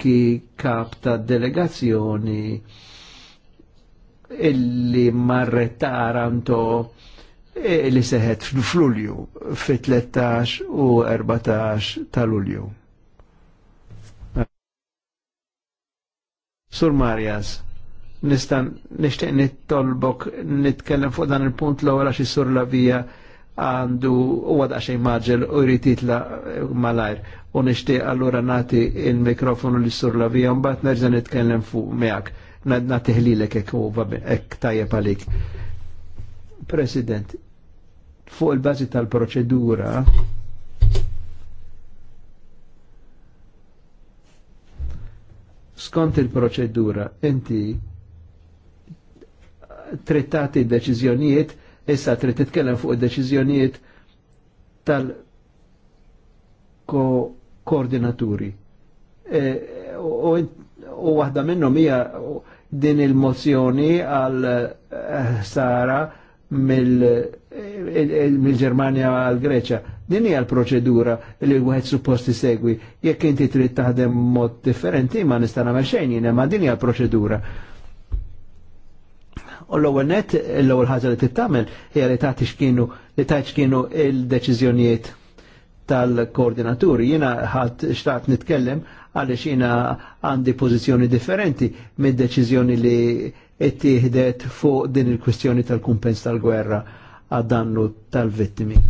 ki kap ta' delegazzjoni illi marret Taranto illi e, seħet fl-Lulju 13 u 14 ta' Lulju. Sur Marjas, nistan nishtiq nittolbok nitkellem fuq dan il-punt l-ewwel xi sur la vija għandu u għada xej maġel u jrititla malajr. U nishtiq allura nati il-mikrofonu li sur la vija mbat nerġa nitkellem fuq miegħek. Nati ħlilek ek u ek tajjeb għalik. President, fuq il-bazi tal-proċedura skont il-proċedura inti trittati deċiżjonijiet issa trid titkellem fuq id-deċiżjonijiet tal-koordinaturi. E, u waħda minnhom hija din il-mozzjoni għal eh, Sara eh, mill-Ġermanja għal greċja Din hija l-proċedura li wieħed suppost segwi. Jekk inti trid taħdem mod differenti ma nista' nagħmel xejn ma din hija l-proċedura. U l-ewwel net l-ewwel ħaġa li tittamel hija li tagħti x'kienu li tgħid x'kienu l-deċiżjonijiet tal-koordinaturi. Jiena ħadd xtaqt nitkellem għaliex jiena għandi pożizzjoni differenti mid-deċiżjoni li ittieħdet fuq din il-kwistjoni tal-kumpens tal-gwerra għad-dannu tal-vittimi.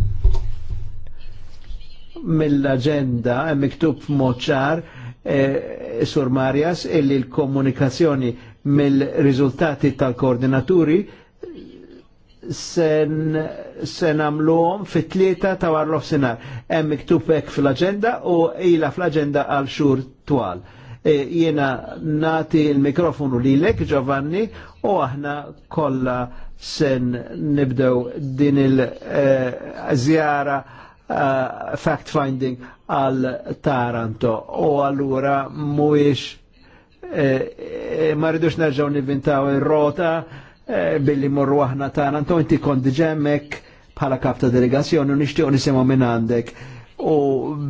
Mill-agenda miktub moċar eh, Sur Marjas illi l-komunikazzjoni il mill-riżultati tal-koordinaturi sen, sen għamluhom fit-tlieta ta' warlof sinar. Hemm miktub hekk fl-aġenda u ila fl-aġenda għal xur twal. E, Jiena nati il-mikrofonu lilek Giovanni u aħna kollha sen nibdew din il-żjara e, e, fact-finding għal Taranto u allura mhuwiex Eh, eh, ma rridux nerġaw nivvintaw il-rota eh, billi morru aħna tagħna antu inti kont ġemmek bħala kap ta' delegazzjoni u nixtiequ nisimgħu minn għandek u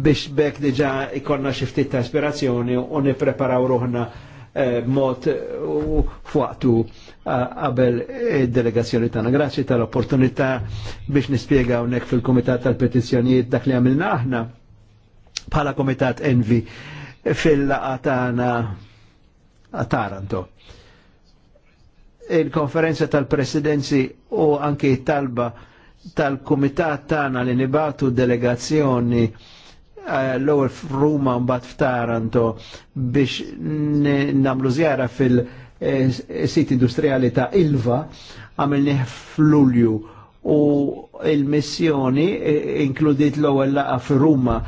biex bekk diġa ikonna xi ftit ta' ispirazzjoni u nippreparaw ruħna mod u fuqtu qabel id-delegazzjoni tagħna. Grazzi tal-opportunità biex nispjega hawnhekk fil-Kumitat tal-Petizzjonijiet dak li għamilna aħna bħala Kumitat Envi fil-laqa tagħna a Taranto. Il-konferenza tal-presidenzi u anki talba tal-kumitat tagħna li nibatu delegazzjoni eh, l-ewwel f'Ruma mbagħad f'Taranto biex nagħmlu żjara fil-sit eh, industrijali ta' Ilva għamilni f'Lulju u il-missjoni eh, inkludit l-ewwel laqa f'Ruma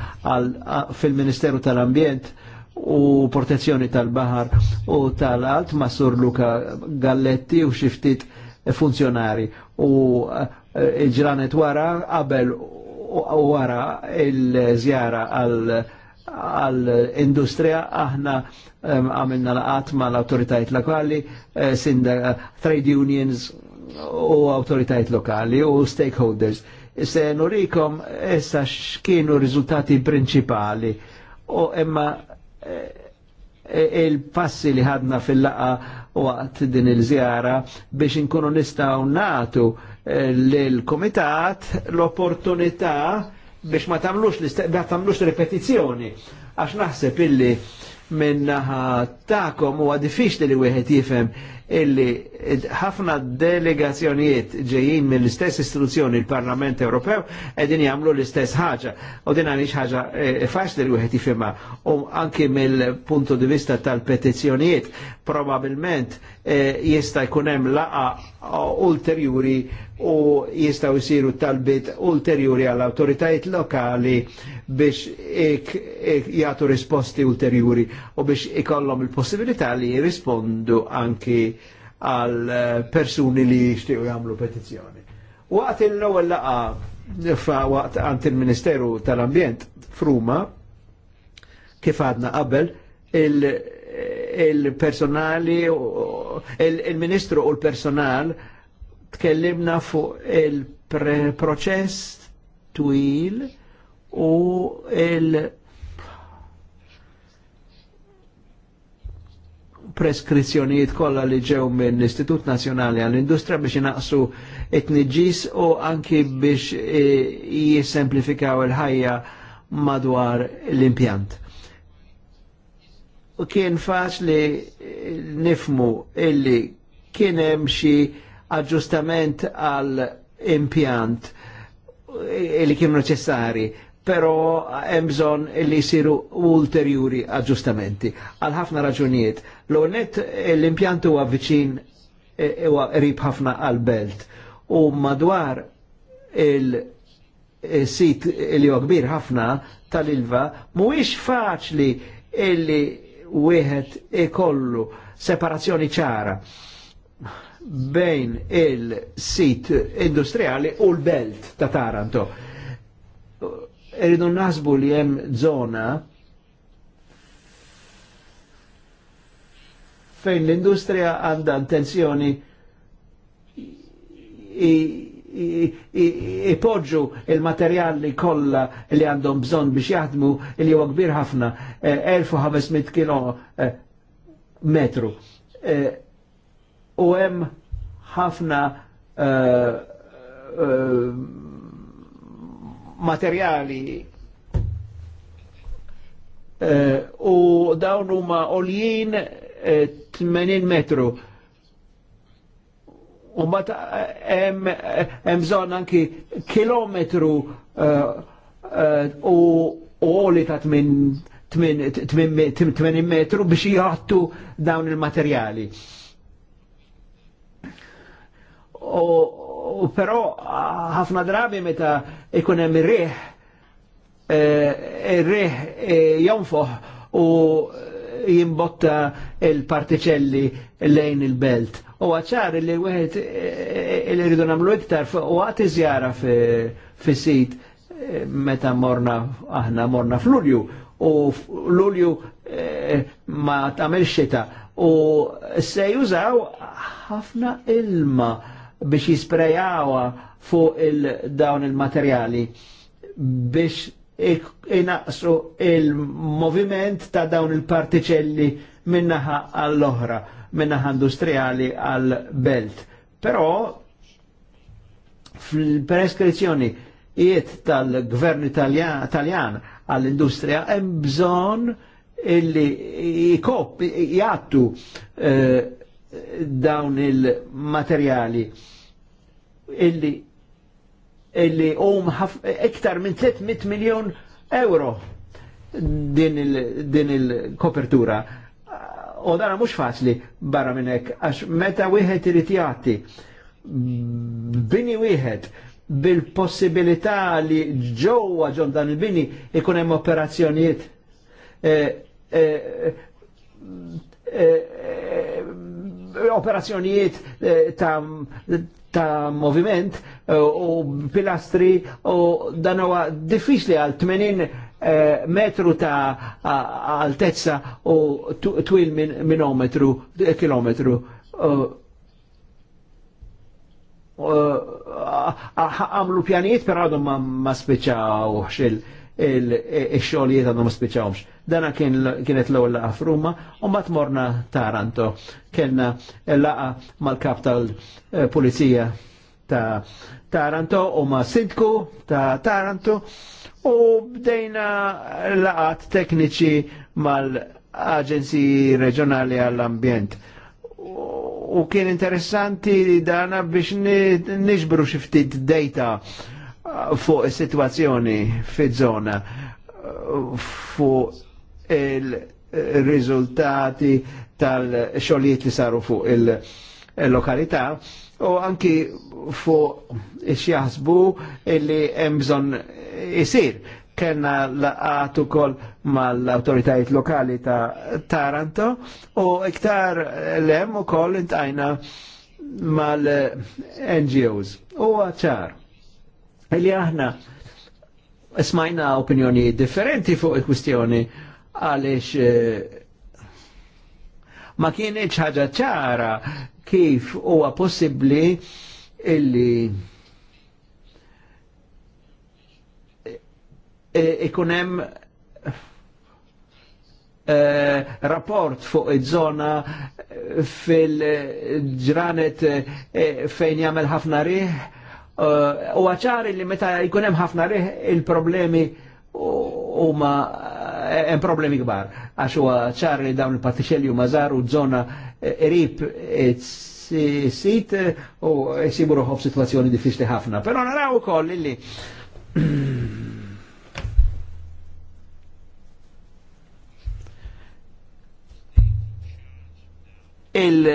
fil-Ministeru tal-Ambjent u protezzjoni tal-bahar u tal-alt ma' Sur Luca Galletti u xiftit funzjonari u eh, il-ġranet wara qabel u wara il-żjara għal għall-industrija aħna eh, għamilna laqat ma l autoritajt lokali, eh, trade unions u autoritajt lokali u stakeholders. Se nurikom issa x'kienu riżultati prinċipali u imma il-passi li ħadna fil-laqa waqt din il-żjara biex inkunu nistaw natu eh, l-komitat l-opportunità biex ma tamlux ma tamlux repetizzjoni għax naħseb illi minnaħa ta'kom huwa diffiċli li wieħed jifhem illi ħafna delegazzjonijiet ġejjin mill-istess istituzzjoni il-Parlament Ewropew qegħdin jagħmlu l-istess ħaġa. U din għaliex ħaġa eh, faċli li wieħed jifhimha u um, anki mill-puntu di vista tal-petizzjonijiet probabilment eh, jista' jkun hemm laqa ulterjuri u jistgħu jsiru talbit ulterjuri għall autoritajiet lokali biex jagħtu risposti ulterjuri u biex ikollhom il-possibilità li jirrispondu anki għal eh, persuni li jamlu jagħmlu petizzjoni. għat il lowel laqa fa waqt għand il-Ministeru tal-Ambjent f'Ruma kif għadna qabel il-personali il-Ministru u l-personal tkellimna fuq il-proċess twil u il- preskrizzjonijiet kollha li ġew minn Istitut Nazzjonali għall-Industrija biex inaqsu it-tniġġis u anki biex e, jissemplifikaw il-ħajja madwar l-impjant. U kien faċli e, nifmu illi kien hemm xi aġġustament għall impjant e, li kienu neċessari, però hemm bżonn li jsiru ulterjuri aġġustamenti għal ħafna raġunijiet L-onet eh, l-impjant huwa viċin eh, eh, huwa qrib ħafna għal-belt u madwar il-sit li huwa kbir ħafna tal-ilva mhuwiex faċli illi wieħed ikollu separazzjoni ċara bejn il-sit industriali u l-belt ta' Taranto. Irridu nasbu li hemm zona fejn l-industrija għandha intenzjoni ipoġġu il-materjali kollha li għandhom bżonn biex jaħdmu li huwa kbir ħafna 1500 eh, kilo eh, metru. Eh, u hemm ħafna materjali u dawn huma oljin 80 metru. U mbagħad eh, eh, hemm bżonn anki kilometru eh, u oli ta' 80 metru biex jgħattu dawn il-materjali. U però ħafna drabi meta ikun hemm ir-riħ ir-riħ jonfoħ u jimbotta il-partiċelli lejn il-belt. U għacħar li wieħed eh, eh, li ridu namlu iktar u għat iżjara fi sit eh, meta morna aħna morna f'Lulju u Lulju ma tagħmel xita u se jużaw ħafna ilma biex jisprejawa fuq il-dawn il-materjali biex inaqsu il-moviment ta' dawn il particelli minnaħa għall-oħra, minnaħa industriali għall-belt. Però fil-preskrizzjoni jiet tal-gvern italjan għall-industrija hemm bżonn illi jikop jgħattu eh, dawn il-materjali illi illi hum iktar minn 300 miljon euro din il-kopertura. Il u dara mhux faċli barra minnek għax meta wieħed irid jagħti bini wieħed bil-possibilità li ġewwa ġon dan il-bini ikun hemm operazzjonijiet eh, eh, eh, operazzjonijiet e, ta', ta moviment u pilastri u dan huwa diffiċli għal 80 eh, metru ta' altezza u twil minometru, kilometru. Għamlu pjanijiet per għadhom ma spiċawx il-xogħlijiet għadhom ma spiċawx. Dana kienet l-ewwel laqa u mat morna Taranto. Kellna laqa mal-kap tal-Pulizija eh, ta' Taranto u ma' Sidku ta' Taranto u bdejna laqat tekniċi mal aġenzi Reġjonali għall-Ambjent. U kien interessanti dana biex nixbru xiftit data fuq is-sitwazzjoni fiż-żona fuq il-riżultati tal-xogħlijiet li saru fuq il-lokalità il, il lokalità u anki fuq xjaħsbu illi hemm jisir kena Kenna laqat ukoll mal-autoritajiet lokali ta' Taranto u iktar lem u ukoll intajna mal-NGOs. U ċar. Illi aħna smajna opinjoni differenti fuq il kustjoni għalix eh, ma kienieċ ħaġa ċara kif huwa possibbli illi ikun hemm eh, rapport fuq iż-żona fil-ġranet eh, fejn jagħmel ħafna riħ u uh, li meta jkun hemm ħafna riħ il-problemi huma hemm problemi kbar għax huwa ċar li dawn il-partixelli huma u żona eh, rib eh, sit eh, u jsibu ruħob situazzjoni diffiċli ħafna. Però naraw ukoll li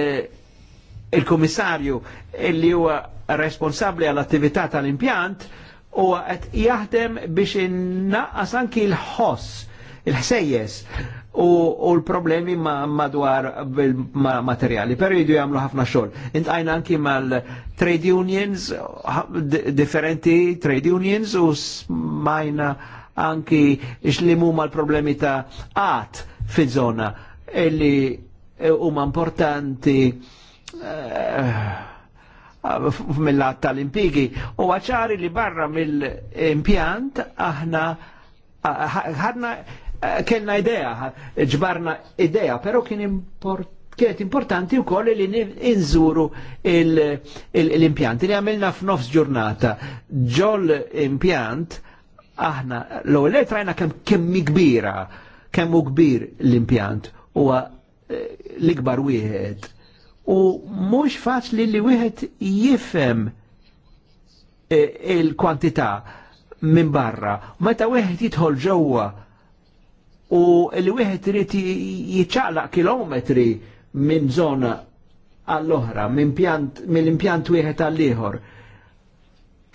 il-komissarju il li huwa responsabli għall-attività tal-impjant u għet jaħdem biex innaqqas anki l-ħoss il-ħsejjes u l-problemi madwar materjali. Pero jidu jamlu ħafna xol. Intajna anki mal-trade unions, differenti trade unions u smajna anki xlimu mal-problemi ta' għat fi zona illi huma importanti eh, mill-għat tal-impigi u għacħari li barra mill-impjant aħna ħadna kellna idea, ġbarna idea, pero kien import kienet importanti u koll li inżuru l-impjant li għamilna f'nofs ġurnata. Ġol impjant, aħna, l le trajna kem kemmi kbira, kemm u kbir l-impjant u eh, l-ikbar wieħed. U mhux faċli li wieħed jifhem eh, il-kwantità minn barra. Meta wieħed jidħol ġewwa u li wieħed irid jiċċaqlaq kilometri minn zona għall-oħra, mill-impjant wieħed għall-ieħor.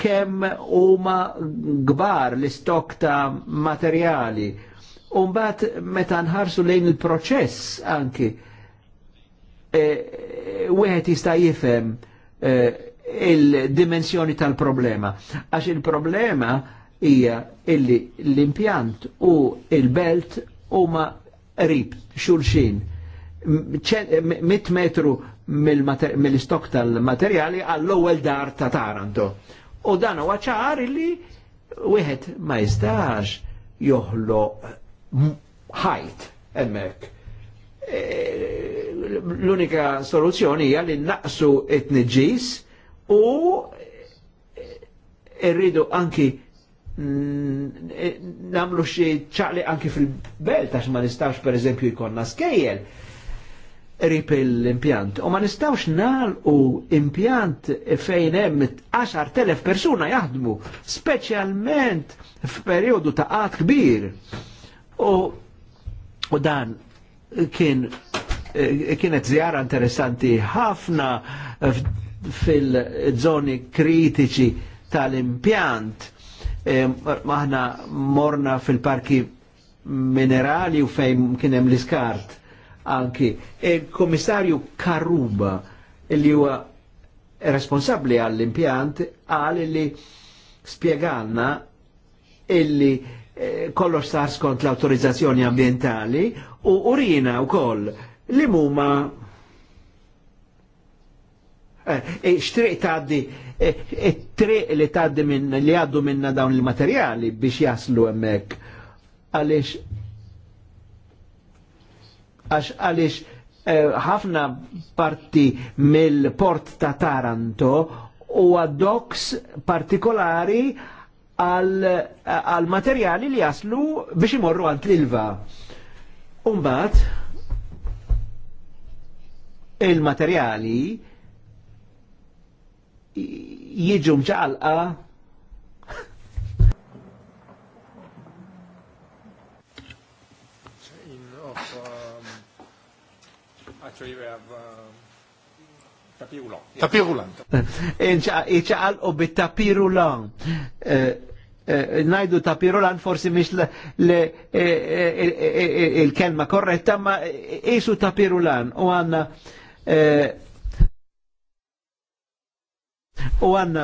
Kemm huma gbar l-istok ta' materjali. Umbat meta nħarsu lejn il-proċess anki, e, wieħed jista' jifhem e, il-dimensjoni tal-problema. Għax il-problema hija illi l-impjant u il-belt huma rib xulxin. Mit metru mill-istok tal-materjali għall-ewwel dar ta' Taranto. U dan huwa ċar illi wieħed ma jistax joħlo ħajt hemmhekk. E, l-unika soluzzjoni hija li naqsu it-tniġġis u e, rridu anki Mm, e, namlu xie ċaqli anki fil-belt, għax ma nistawx per eżempju jkonna skejjel rip l-impjant. U ma nistawx nal u impjant fejn hemm 10.000 persuna jaħdmu, speċjalment f'perjodu ta' qatt kbir. U, u dan kien e, kienet zjara interessanti ħafna fil-żoni kritiċi tal-impjant maħna morna fil-parki minerali u fejn kienem l-iskart anki. Il-komissarju e, Karuba li huwa responsabli għall-impjant għal li spieganna illi e, kollox sar skont l-autorizzazzjoni ambientali u urina u koll li muma Eh, eh, xtriq taddi, eh, triq li taddi minn li għaddu minna dawn il-materjali biex jaslu emmek. Għalix, għax għalix ħafna parti mill-port ta' Taranto u doks partikolari għal materjali li jaslu biex imorru għant l-ilva. Umbat, il-materjali jiġu mċaqalqa actually tapirulan. Tapirulan. bit eh, tapirulan. Eh, najdu tapirulan forsi mish eh, il-kelma korretta, ma isu tapirulan u għanna U għanna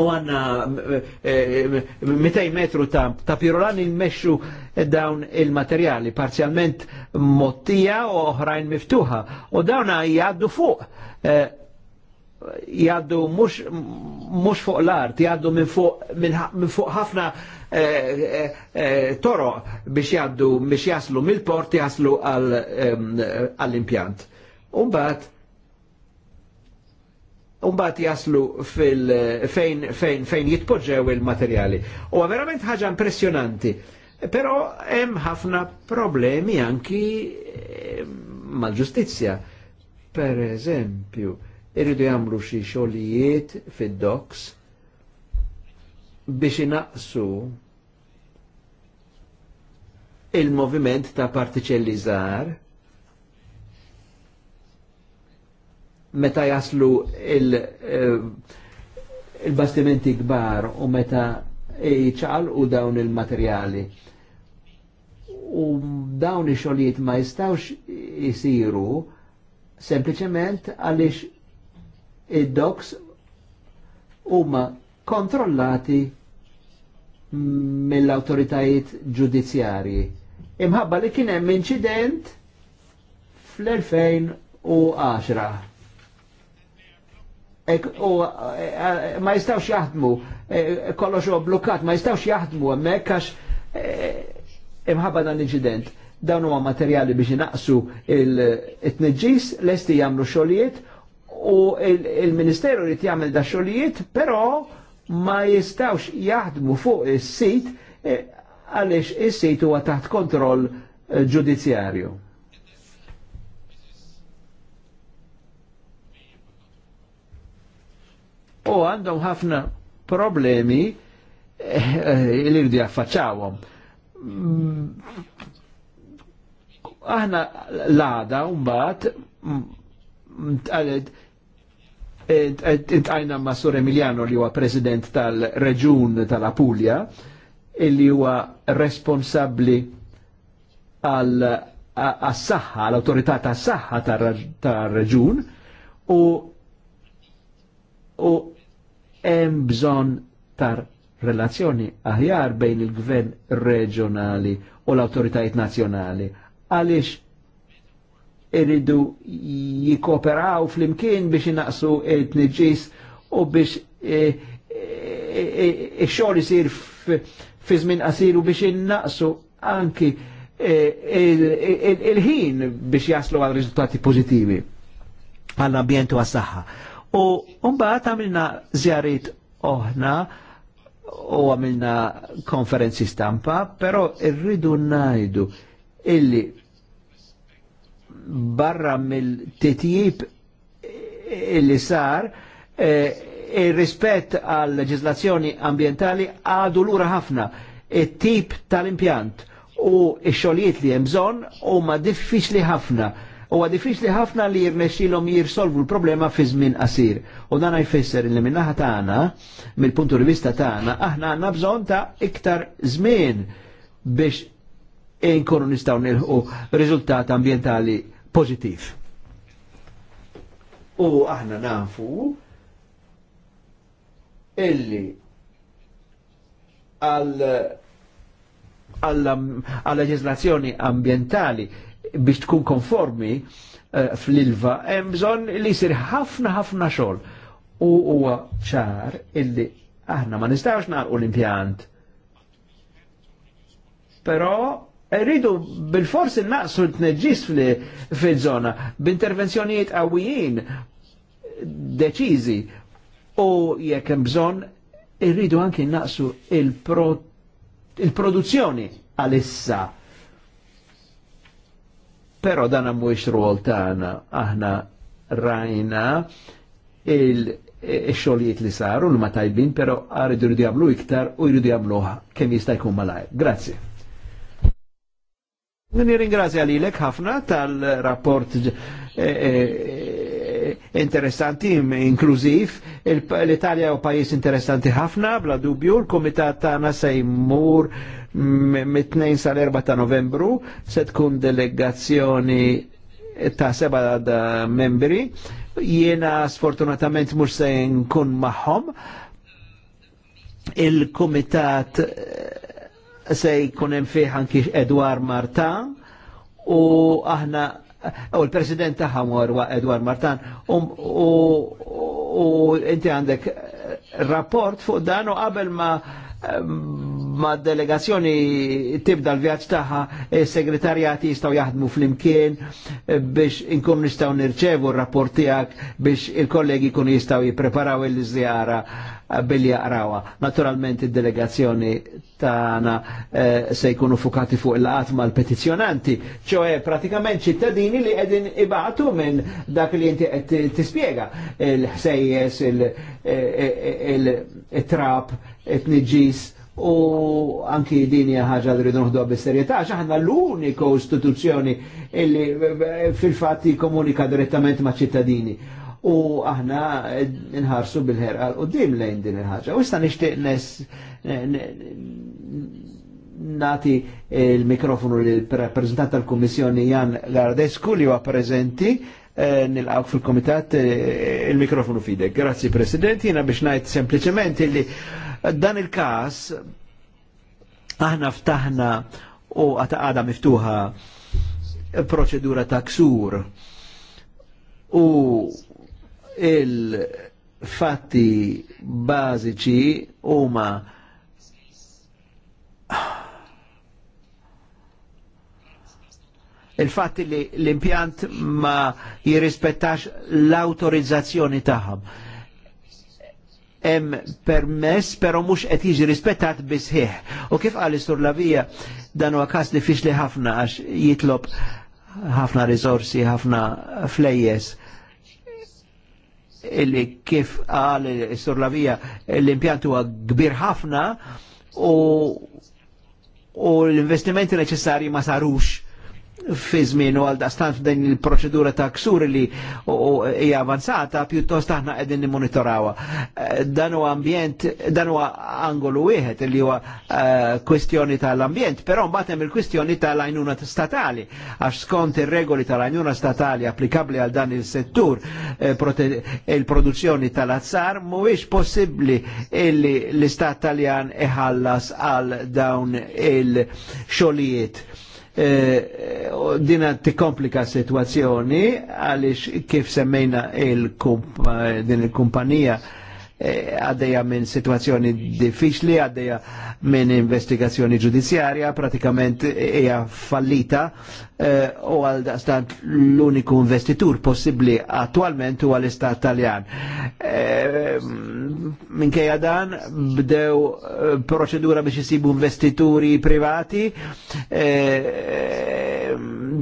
u għanna 200 eh, eh, metru ta', ta pirolan il-mexxu dawn il-materjali, parzialment mottija u oħrajn miftuħa. U dawna jgħaddu fuq, eh, jgħaddu mux, mux fuq l-art, jgħaddu minn min fuq ħafna toro biex jgħaddu biex jaslu mill-port jaslu għall-impjant. Umbat, Umbat jaslu fil, fejn, fejn, fejn jitpoġġew il-materjali. U verament ħaġa impressionanti. Però hemm ħafna problemi anki eh, mal-ġustizzja. Per eżempju, irridu jagħmlu xi xogħlijiet fid-doks biex inaqsu il-moviment ta' partiċelli żgħar meta jaslu eh, il-bastimenti kbar u meta iċal u dawn il-materjali. U dawn ix-xogħlijiet ma jistawx isiru sempliċement għaliex id-doks huma kontrollati mill-autoritajiet ġudizzjarji. Imħabba li kien hemm inċident fl-2010 u e, e, ma jistawx jaħdmu, e, kollox u blokkat, ma jistawx jaħdmu hemmhekk għax imħabba dan l-inċident. Dawn huma materjali biex inaqsu il-tniġġis, lesti jagħmlu xogħlijiet u il-Ministeru jrid jagħmel da xogħlijiet, però ma jistawx jaħdmu fuq is-sit għaliex is-sit huwa taħt kontroll ġudizzjarju. u għandhom ħafna problemi eh, li rridu jaffaċċawhom. Mm. Aħna l-għada mbagħad intqajna ma' Sur Emiliano li huwa president tal-Reġun tal-Apulja, illi huwa responsabbli għal saħħa l-autorità tas-saħħa tar-reġun u hemm bżonn tar relazzjoni aħjar bejn il-gvern reġjonali u l awtoritajiet nazzjonali għaliex iridu jikoperaw fl-imkien biex inaqsu t tniġis u biex ix-xogħol e, e, e, isir fi żmien qasir u biex innaqsu anki il-ħin biex jaslu għal riżultati pożittivi għall ambjentu għas-saħħa. U mbagħad għamilna żjarit oħna u għamilna konferenzi stampa, però irridu najdu illi barra mill-titjib illi sar eh, il-rispett għal leġislazzjoni ambientali għadu lura ħafna it-tip tal-impjant u x-xogħlijiet li hemm bżonn ma diffiċli ħafna u diffiċli ħafna li jirnexxilhom jirsolvu l-problema fi żmien qasir. U dan jfisser li minnaħa tagħna, mill-puntu rivista tagħna, aħna għandna bżonn ta' iktar żmien biex inkunu nistgħu nilħu riżultat ambientali pożittiv. U aħna nafu illi għal għal leġislazzjoni ambientali biex tkun konformi eh, fl-ilva, hemm bżonn li jsir ħafna ħafna xogħol. U huwa ċar illi aħna ma nistgħux narqu l-impjant. Però rridu bil forsi innaqsu t-neġġis fil-żona b'intervenzjonijiet għawijin deċizi u jekk hemm bżonn irridu anke naqsu il-produzzjoni il produzzjoni għalissa Pero dan mhuwiex rol tagħna aħna rajna il e- xoliet li saru l ma tajbin, pero għaridu jridu jagħmlu iktar u jridu jagħmluha kemm jista' jkun malajr. Grazzi. Nirringrazzja lilek ħafna tal-rapport e- e- interessanti, inklużiv, l-Italja u pajis interessanti ħafna, bla dubju, l-Komitat tagħna sejmur. jmur mit-2 sal-4 ta' novembru se tkun delegazzjoni ta' seba da membri. Jiena sfortunatament mhux se nkun magħhom. il kumitat eh, se jkun hemm fih anki Edwar Martin u aħna u l-president tagħha mor Edwar Martin um, u inti għandek eh, rapport fuq dan u qabel ma eh, ma delegazzjoni tibda l-vjaġġ tagħha e segretarjati jistgħu jaħdmu flimkien e, biex inkun nistgħu nirċevu r-rapport tiegħek biex il-kollegi kun jistgħu jippreparaw il-żjara e, billi jaqrawa. Naturalment id-delegazzjoni tagħna se jkunu fukati fuq il-qat mal-petizjonanti, ċoe pratikament ċittadini li qegħdin ibatu minn dak li inti qed tispjega il-ħsejjes, il-trap, it-tniġis u anki dini ħaġa li rridu nħuddu bis-serjetà għax aħna l-uniku istituzzjoni illi fil fatti komunika direttament ma' ċittadini. U aħna nħarsu bil-ħerqa u dim lejn din il-ħaġa. U issa nixtieq nati il-mikrofonu lill-rappreżentant tal-Kummissjoni Jan Gardescu li huwa preżenti eh, nilqaw fil-komitat eh, il-mikrofonu fidek. Grazzi Presidenti, jina biex najt sempliciment li Dan il-kas aħna ftaħna u għada miftuħa proċedura ta' ksur u il-fatti bażiċi huma il-fatt li l-impjant ma jirrispettax l-autorizzazzjoni tagħhom hemm permess però mhux qed jiġi rispettat bisħieħ. U kif qal sur Lavija dan huwa każ diffiċli ħafna għax jitlob ħafna risorsi, ħafna flejjes illi kif qal sur Lavija l-impjant huwa kbir ħafna u u l-investimenti neċessarji ma sarux fi żmienu għal dastan f'din il-proċedura ta' ksur li hija avanzata pjuttost aħna qegħdin nimmonitorawha. Eh, dan huwa ambjent, dan huwa angolu wieħed li huwa eh, kwestjoni tal-ambjent, però mbagħad hemm il-kwestjoni tal-għajnuna statali għax skont ir-regoli tal-għajnuna statali applikabbli għal dan il-settur eh, il-produzzjoni tal-azzar mhuwiex possibbli illi l-istat Taljan iħallas għal dawn il-xogħlijiet Eh, eh, dina t-komplika situazzjoni għaliex kif semmejna eh, din il-kumpanija Eh, għaddeja minn situazzjoni diffiċli, għaddeja minn investigazzjoni ġudizzjarja, pratikament hija fallita eh, u għal daqstant l-uniku investitur possibli attualment u għal istat Taljan. Eh, minkejja dan bdew proċedura biex jisibu investituri privati,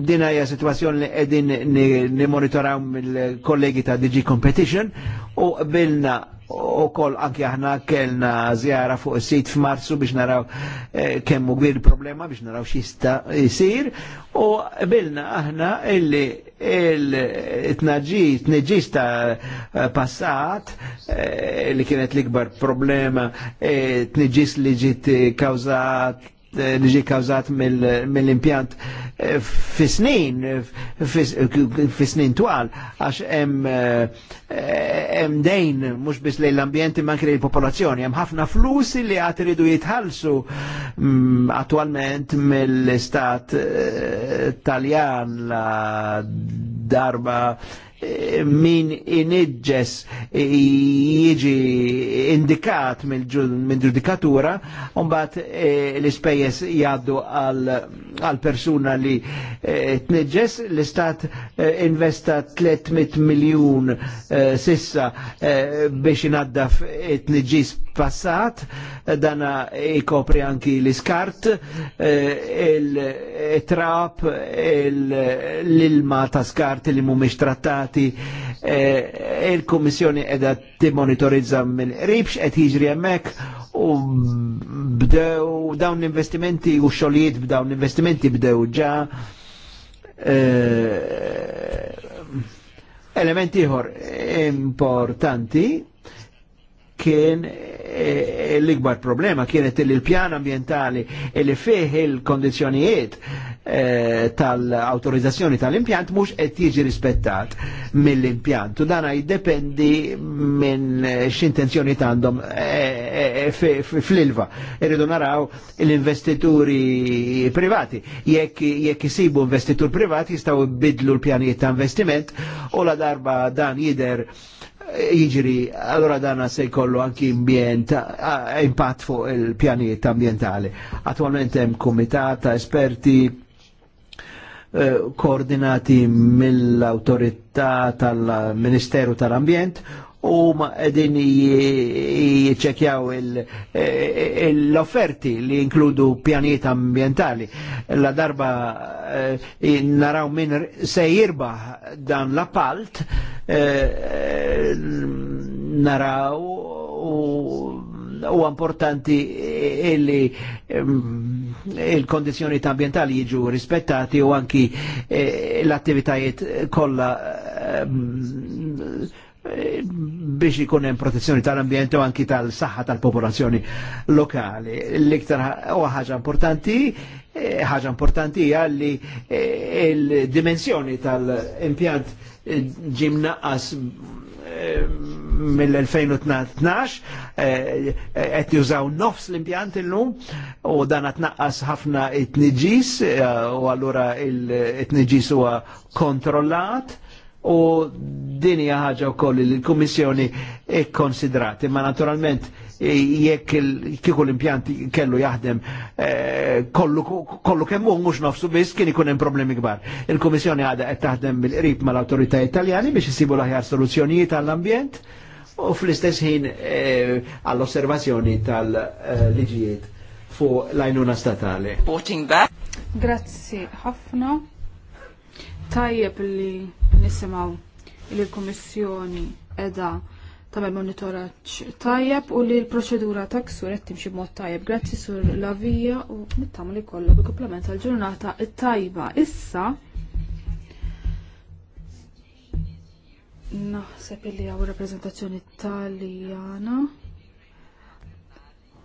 dina hija situazzjoni li qegħdin nimonitoraw mill-kollegi ta' DG Competition u bilna u koll anki aħna kellna zjara fuq is-sit f'Marzu biex naraw eh, kemm kbir problema biex naraw xista jsir u bilna aħna illi il-tnaġġis ta' passat eh, li kienet l-ikbar problema eh, li ġiet kawzat li ġi kawzat mill-impjant eh, fis-snin, fis-snin twal, għax eh, hemm dejn mhux biss lejn l-ambjent imma anke l-popolazzjoni, hemm ħafna flusi li għad iridu jitħallsu mm, attualment mill-istat eh, Taljan la darba min inidġes jieġi indikat minn ġudikatura, unbat eh, l-ispejjes jaddu għal persuna li eh, tnidġes, l-istat eh, investa 300 miljon sissa biex inaddaf tnidġis passat, dana ikopri anki l-iskart, il-trap, l-ilma ta' skart li mumiex trattat stati eh, il-Kommissjoni edha timonitorizza minn ribx qed jiġri hemmhekk u bdew dawn l-investimenti u xogħlijiet b'dawn l-investimenti bdew ġa eh, elementi ieħor importanti kien e, e, l-ikbar problema kienet il-pjan ambientali li feħ il-kondizjonijiet e, tal-autorizzazzjoni tal-impjant mhux qed jiġi rispettat mill-impjant. U dana jiddependi minn x'intenzjoni tandom fl-ilva. Irridu naraw l-investituri privati. Jekk jisibu investitur privati jistgħu bidlu l-pjanijiet ta' investiment u la darba dan jider jiġri, allora dana se jkollu anki ambjent, impatt fuq il-pjaniet ambientali. Attualment hemm kumitat ta' esperti eh, koordinati mill-autorità tal-Ministeru tal-Ambjent u ma din jiċċekjaw l-offerti li inkludu pjaniet ambientali. La darba eh, naraw min se jirbaħ dan l-appalt, eh, naraw u importanti illi eh, il-kondizjoni ambientali jiġu rispettati u anki l-attivitajiet kollha biex ikun hemm protezzjoni tal-ambjent u anki tal-saħħa tal-popolazzjoni lokali. L-iktar ħaġa importanti eh, ħaġa importanti hija li eh, il-dimensjoni tal-impjant eh, ġim naqqas mill-2012 qed jużaw nofs l-impjant illum u dan qed naqqas ħafna it-tniġis u allura it-tniġis huwa kontrollat u din hija ħaġa wkoll li l-Kummissjoni ikkonsidrati, ma naturalment jekk kieku l-impjant kellu jaħdem eh, kollu kemm hu mhux nofsu biss kien ikun hemm problemi kbar. Il-Kummissjoni għadha qed taħdem bil-qrib mal awtorità Italjani biex isibu l-aħjar soluzzjonijiet għall-ambjent u fl-istess ħin eh, għall-osservazzjoni tal-liġijiet fuq l-għajnuna statali. Grazzi ħafna tajjeb li nisimaw li l-Kummissjoni edha tamel monitoraċ tajjeb u li l-proċedura ta' ksur qed timxi mod tajjeb. Grazzi sur Lavija u nittamu li kollu bikomplement tal-ġurnata tajba. Issa naħseb li hawn rappresentazzjoni taljana.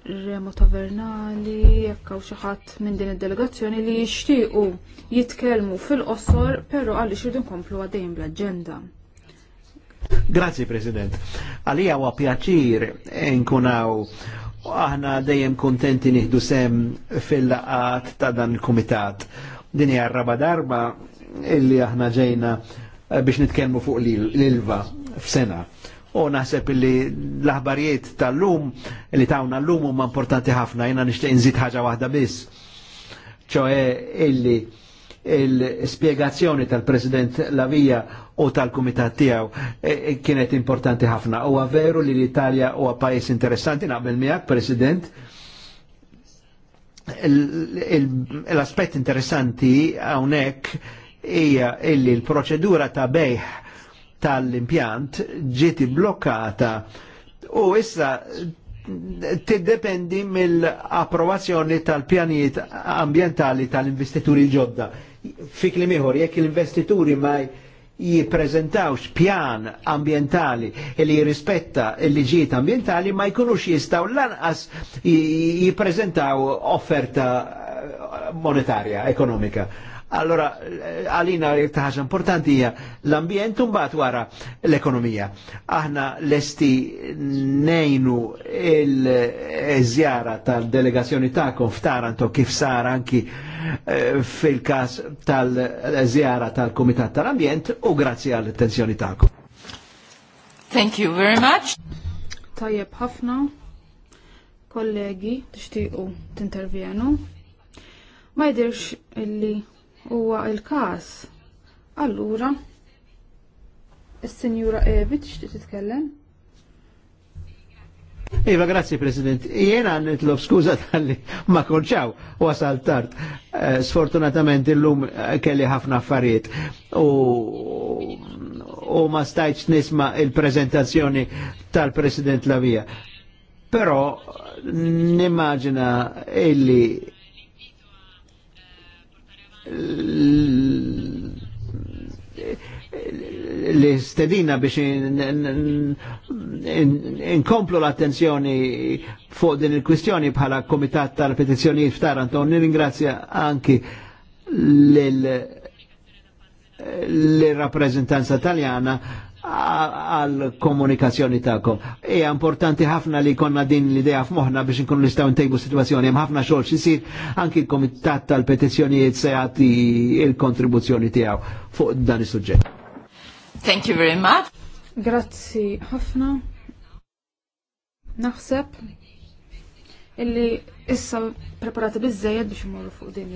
Remo Tavernali, jekkaw xaħat xi ħadd minn din id-delegazzjoni li jixtiequ jitkellmu fil qossor però għaliex xirdu nkomplu għadejn bl agenda Grazie, President. Għalija huwa pjaċir nkunaw aħna dejjem kontenti nieħdu sem fil-laqat ta' dan il-kumitat. Din hija raba darba illi aħna ġejna biex nitkellmu fuq l-ilva f'sena u naħseb li l-aħbarijiet tal-lum li tawna l-lum huma importanti ħafna jiena nixtieq nżid ħaġa waħda biss. ċoħe illi il-spiegazzjoni tal-President Lavija u tal-Kumitat tiegħu e, e, kienet importanti ħafna. Huwa veru li l-Italja huwa pajjiż interessanti naqbel miegħek, President, l-aspett interessanti hawnhekk hija illi l-proċedura ta' bejħ tal-impjant ġiet blokkata u issa tiddependi mill-approvazzjoni tal-pjanijiet ambientali tal-investituri ġodda. Fik li miħor, jekk l-investituri ma jiprezentawx pjan ambientali li jirrispetta l-liġijiet ambientali ma jkunux jistaw lanqas jiprezentaw offerta monetarja, ekonomika. Allora, għalina ħaġa importanti hija l-ambjent u mbagħad wara l-ekonomija. Aħna lesti nejnu il-żjara tal-delegazzjoni tagħkom f'Taranto kif sar anki eh, fil-każ tal-żjara tal-Kumitat tal-Ambjent u grazzi għall-attenzjoni tagħkom. Thank you very much. Tajjeb ħafna kollegi tixtiequ tintervjenu. Ma jidirx illi huwa il-każ. Allura, is-Sinjura Evit tixtieq titkellem? Iva, grazzi President. Jena nitlob skuza tal-li ma konċaw, wasal Sfortunatamente eh, Sfortunatament lum eh, kelli ħafna affarijiet u, u ma stajċ nisma il-prezentazzjoni tal-President Lavija. Però nimmaġina illi li stedina biex inkomplu l-attenzjoni fuq din il-kwistjoni bħala komitat tal-petizjonijiet f'Taranto. Nirringrazzja anki l-rappresentanza taljana għal komunikazzjoni ta'kom. Ija importanti ħafna li konna din l-idea f'moħna biex nkunu nistgħu ntejbu situazzjoni hemm ħafna xogħol xisir anki l-Komitat tal-Petizzjonijiet se jagħti il-kontribuzzjoni tiegħu fuq dan is-suġġett. Thank you very much. Grazzi ħafna. Naħseb illi issa preparati bizzejed biex imorru fuq din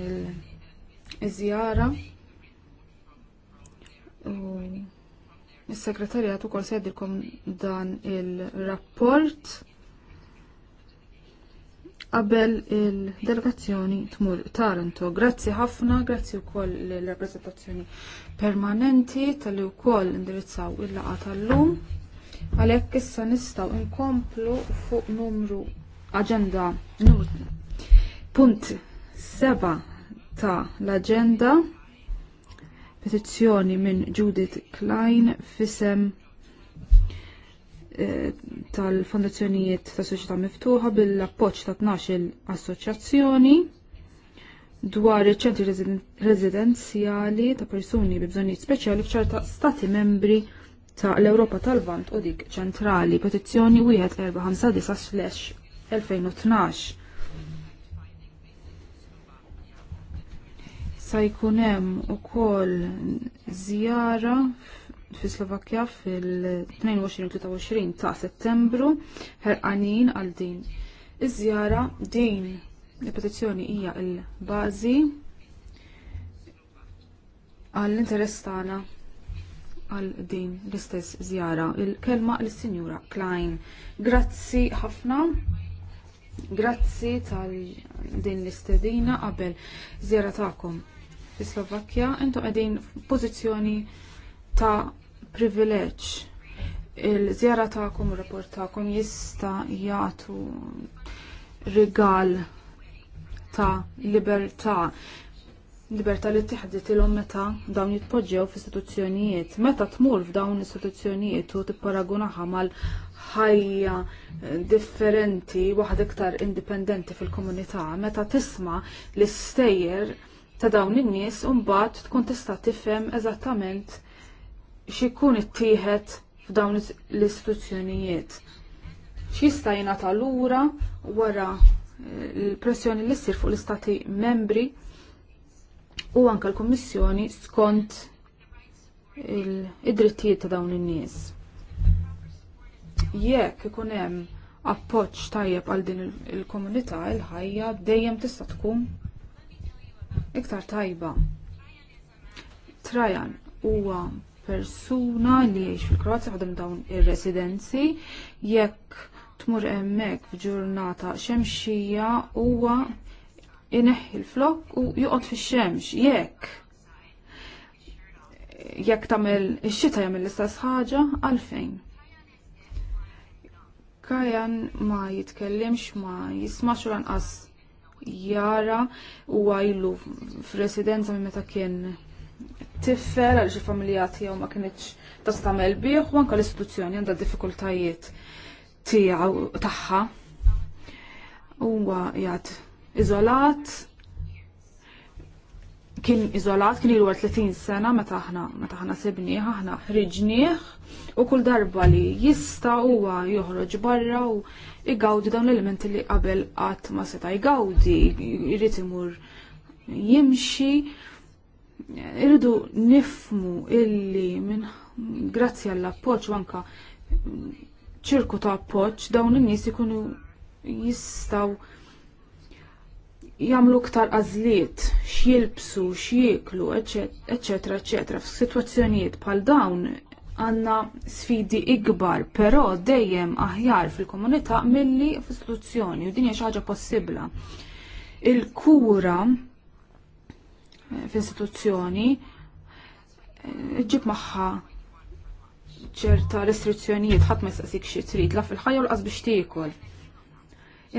il-żjara. U Is-segretarjat ukoll kol jgħidilkom dan il-rapport qabel il-delegazzjoni tmur Taranto. Grazzi ħafna, grazzi wkoll l-rappresentazzjoni permanenti tal-li wkoll indirizzaw il-laqa tal-lum. Għalhekk issa nistgħu inkomplu fuq numru aġenda numru punt seba' ta' l agenda petizzjoni minn Judith Klein fisem eh, tal-fondazzjonijiet ta' soċjetà miftuħa bil-appoġġ ta' 12 assoċjazzjoni dwar iċ-ċentri residenzjali ta' persuni bi bżonnijiet speċjali f'ċerta stati membri ta' l-Ewropa tal-Vant u dik ċentrali petizzjoni 1459/2012 sa jkun hemm ukoll zjara fi Slovakkja fil-22-23 ta' Settembru ħerqanin għal din. Iż-żjara din il-petizzjoni hija l-bażi għall-interess tagħna għal din l-istess żjara. Il-kelma l-Sinjura Klein. Grazzi ħafna. Grazzi tal din l-istedina qabel żjara tagħkom fis Slovakkja intu qegħdin f'pożizzjoni ta' privileġġ. Il-żjara tagħkom u rapport tagħkom jista' jagħtu rigal ta' libertà libertà li tiħdit ilhom meta dawn jitpoġġew f'istituzzjonijiet. Meta tmur f'dawn l-istituzzjonijiet u tipparagunaha mal-ħajja differenti waħda iktar indipendenti fil-komunità, meta tisma' l-istejjer ta' dawn in-nies u mbagħad tkun tista' tifhem eżattament x'ikun ittieħed f'dawn l-istituzzjonijiet. X'jista' jingħata lura wara eh, l-pressjoni li ssir fuq l-istati membri u anke l-Kummissjoni skont id-drittijiet ta' dawn in-nies. Jekk ikun hemm appoġġ tajjeb għal din il-komunità il-ħajja dejjem tista' tkun iktar tajba. Trajan huwa persuna li jiex fil-Kroazja ħadem dawn ir-residenzi jekk tmur hemmhekk f'ġurnata xemxija huwa ineħħi l-flok u joqgħod fix-xemx jekk jekk tagħmel ix-xita jagħmel l-istess ħaġa għalfejn. Kajan ma jitkellimx ma jismax u lanqas jara u għajlu f-residenza minn meta kien tiffer għal xi familja tiegħu ma kienx tastamel bih u anke l-istituzzjoni għandha diffikultajiet tiegħu tagħha. Huwa jgħad iżolat kien iżolat kien ilu 30 sena meta aħna meta aħna sebniħ aħna ħriġnieh u kull darba li jista' huwa joħroġ barra u igawdi dawn l-elementi li qabel qatt ma seta' jgawdi, jrid imur jimxi. Irridu nifmu illi minn grazzi għall-appoġġ anka ċirku ta' appoġġ dawn in-nies ikunu jistaw jagħmlu ktar għażliet, x'jilbsu, x'jieklu, eċetera, eċetera. F'sitwazzjonijiet bħal dawn għanna sfidi ikbar, però dejjem aħjar fil-komunità milli f'istituzzjoni u din hija xi ħaġa Il-kura eh, f-istituzzjoni eh, ġib magħha ċerta restrizzjonijiet ħadd ma jistaqsik xi trid la fil-ħajja u laqas biex tiekol.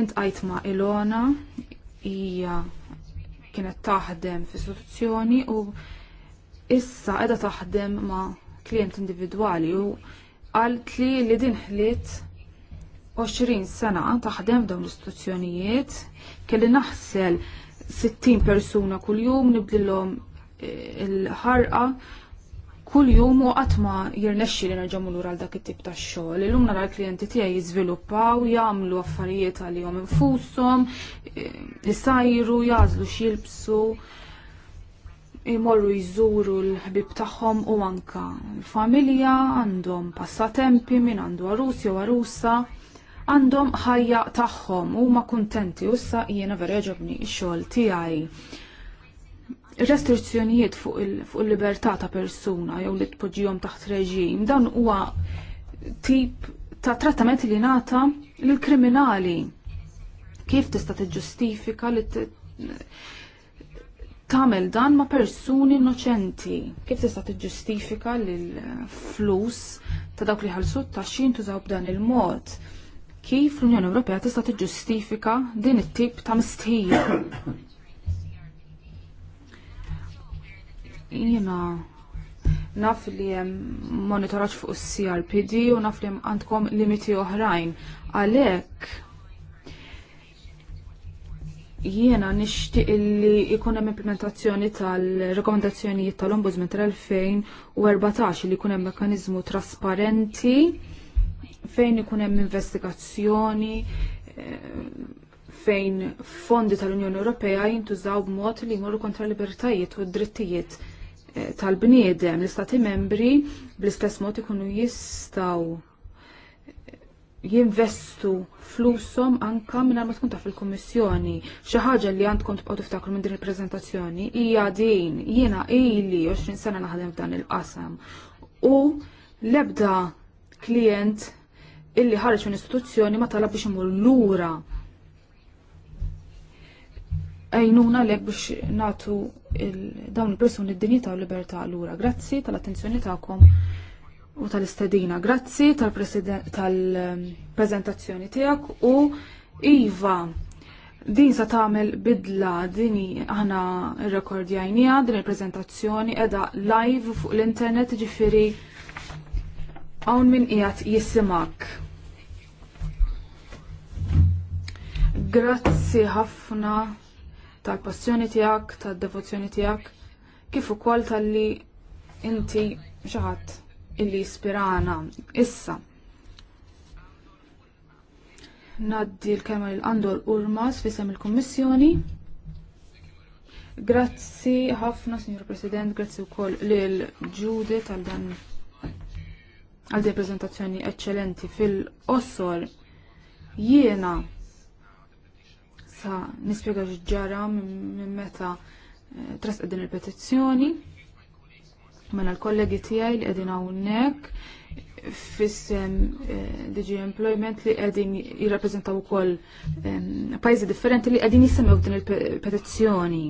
Intqajt ma' Ilona hija kienet taħdem fl-istituzzjoni, u issa qiegħda taħdem ma' klient individwali u għalt li li din ħliet 20 sena taħdem dawn l-istituzzjonijiet, kelli naħsel 60 persuna kull-jum nibdilhom eh, il-ħarqa kull-jum u għatma jirnexxi li nerġamu lura għal dak it-tip ta' xogħol. Illum nara l-klijenti tiegħi jiżviluppaw, jagħmlu affarijiet għalihom infushom, eh, isajru, jażlu x'jilbsu imorru jżuru l-ħbib tagħhom u anka familja għandhom passatempi minn għandu arus jew arusa għandhom ħajja tagħhom huma kuntenti u issa jiena vera ġobni x-xogħol tiegħi. Restrizzjonijiet fuq il-libertà ta' persuna jew li tpoġijom taħt reġim dan huwa tip ta' trattament li nata lill kriminali Kif tista' tiġġustifika li tamel dan ma' persuni innoċenti. Kif tista' tiġġustifika l flus ta' dawk li ħalsu taxxi tużaw b'dan il-mod? Kif l-Unjoni Ewropea tista' tiġġustifika din it-tip ta' mistħija? Jiena naf li jem monitoraċ fuq CRPD u naf li jem għandkom limiti oħrajn. Għalek, Jiena nixtieq li jkun hemm implementazzjoni tal-rekomendazzjonijiet tal-Ombudsman tal-2014 li jkun hemm mekkaniżmu trasparenti fejn ikun hemm investigazzjoni eh, fejn fondi tal-Unjoni Ewropea jintużaw b'mod li jmorru kontra libertajiet u d-drittijiet eh, tal-bniedem l-istati membri bl-istess mod ikunu jistgħu jinvestu flussom anka minna ma tkun taf il-kommissjoni. ħaġa li għandkom tibqgħu tiftakru minn din il-preżentazzjoni hija din jiena ili 20 sena naħdem f'dan il-qasam. U l-ebda klient illi ħareġ minn istituzzjoni ma talab biex imur lura għajnuna lek biex natu dawn il-persuni d-dinjita u l-libertà l-ura. Grazzi tal-attenzjoni ta'kom u tal-istedina. Grazzi tal-prezentazzjoni tal tiegħek u Iva, din sa tagħmel bidla dini aħna jajnija, din il-preżentazzjoni qiegħda live fuq l-internet ġifieri hawn min qiegħed jisimak. Grazzi ħafna tal-passjoni tiegħek, tad-devozzjoni tiegħek, kif ukoll tal-li inti xi ħadd illi jispirana. Issa, naddi l-kelma l għandol Urmas fisem il-Kommissjoni. Grazzi ħafna, Signor President, grazzi wkoll lil ġudi għal dan għal di prezentazzjoni eccellenti fil-qossor. Jiena sa nispjega ġara minn meta eh, trasqed din il-petizzjoni. Mela l-kollegi tiegħi li qegħdin hawnhekk fissem eh, DG Employment li qegħdin jirrappreżentaw ukoll pajjiżi differenti li qegħdin jisemmew din il-petizzjoni.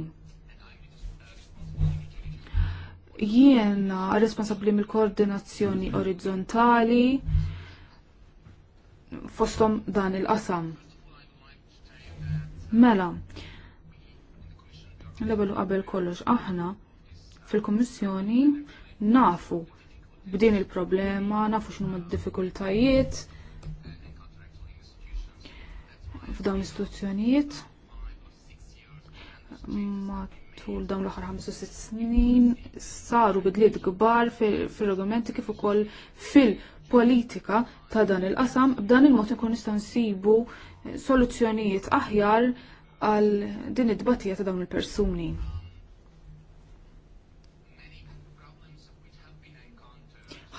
Jiena responsabbli mill-koordinazzjoni orizzontali fostom dan il-qasam. Mela, l-ebelu qabel kollox aħna fil-Kummissjoni nafu b'din il-problema, nafu xinu d-diffikultajiet f'dawn l-istituzzjonijiet. Matul dawn l-aħħar 5-6 snin saru bidliet kbar fil argumenti kif ukoll fil-politika ta' dan il-qasam b'dan il-mod ikun nistgħu nsibu eh, soluzzjonijiet aħjar għal din id-dbatija ta' dawn il-persuni.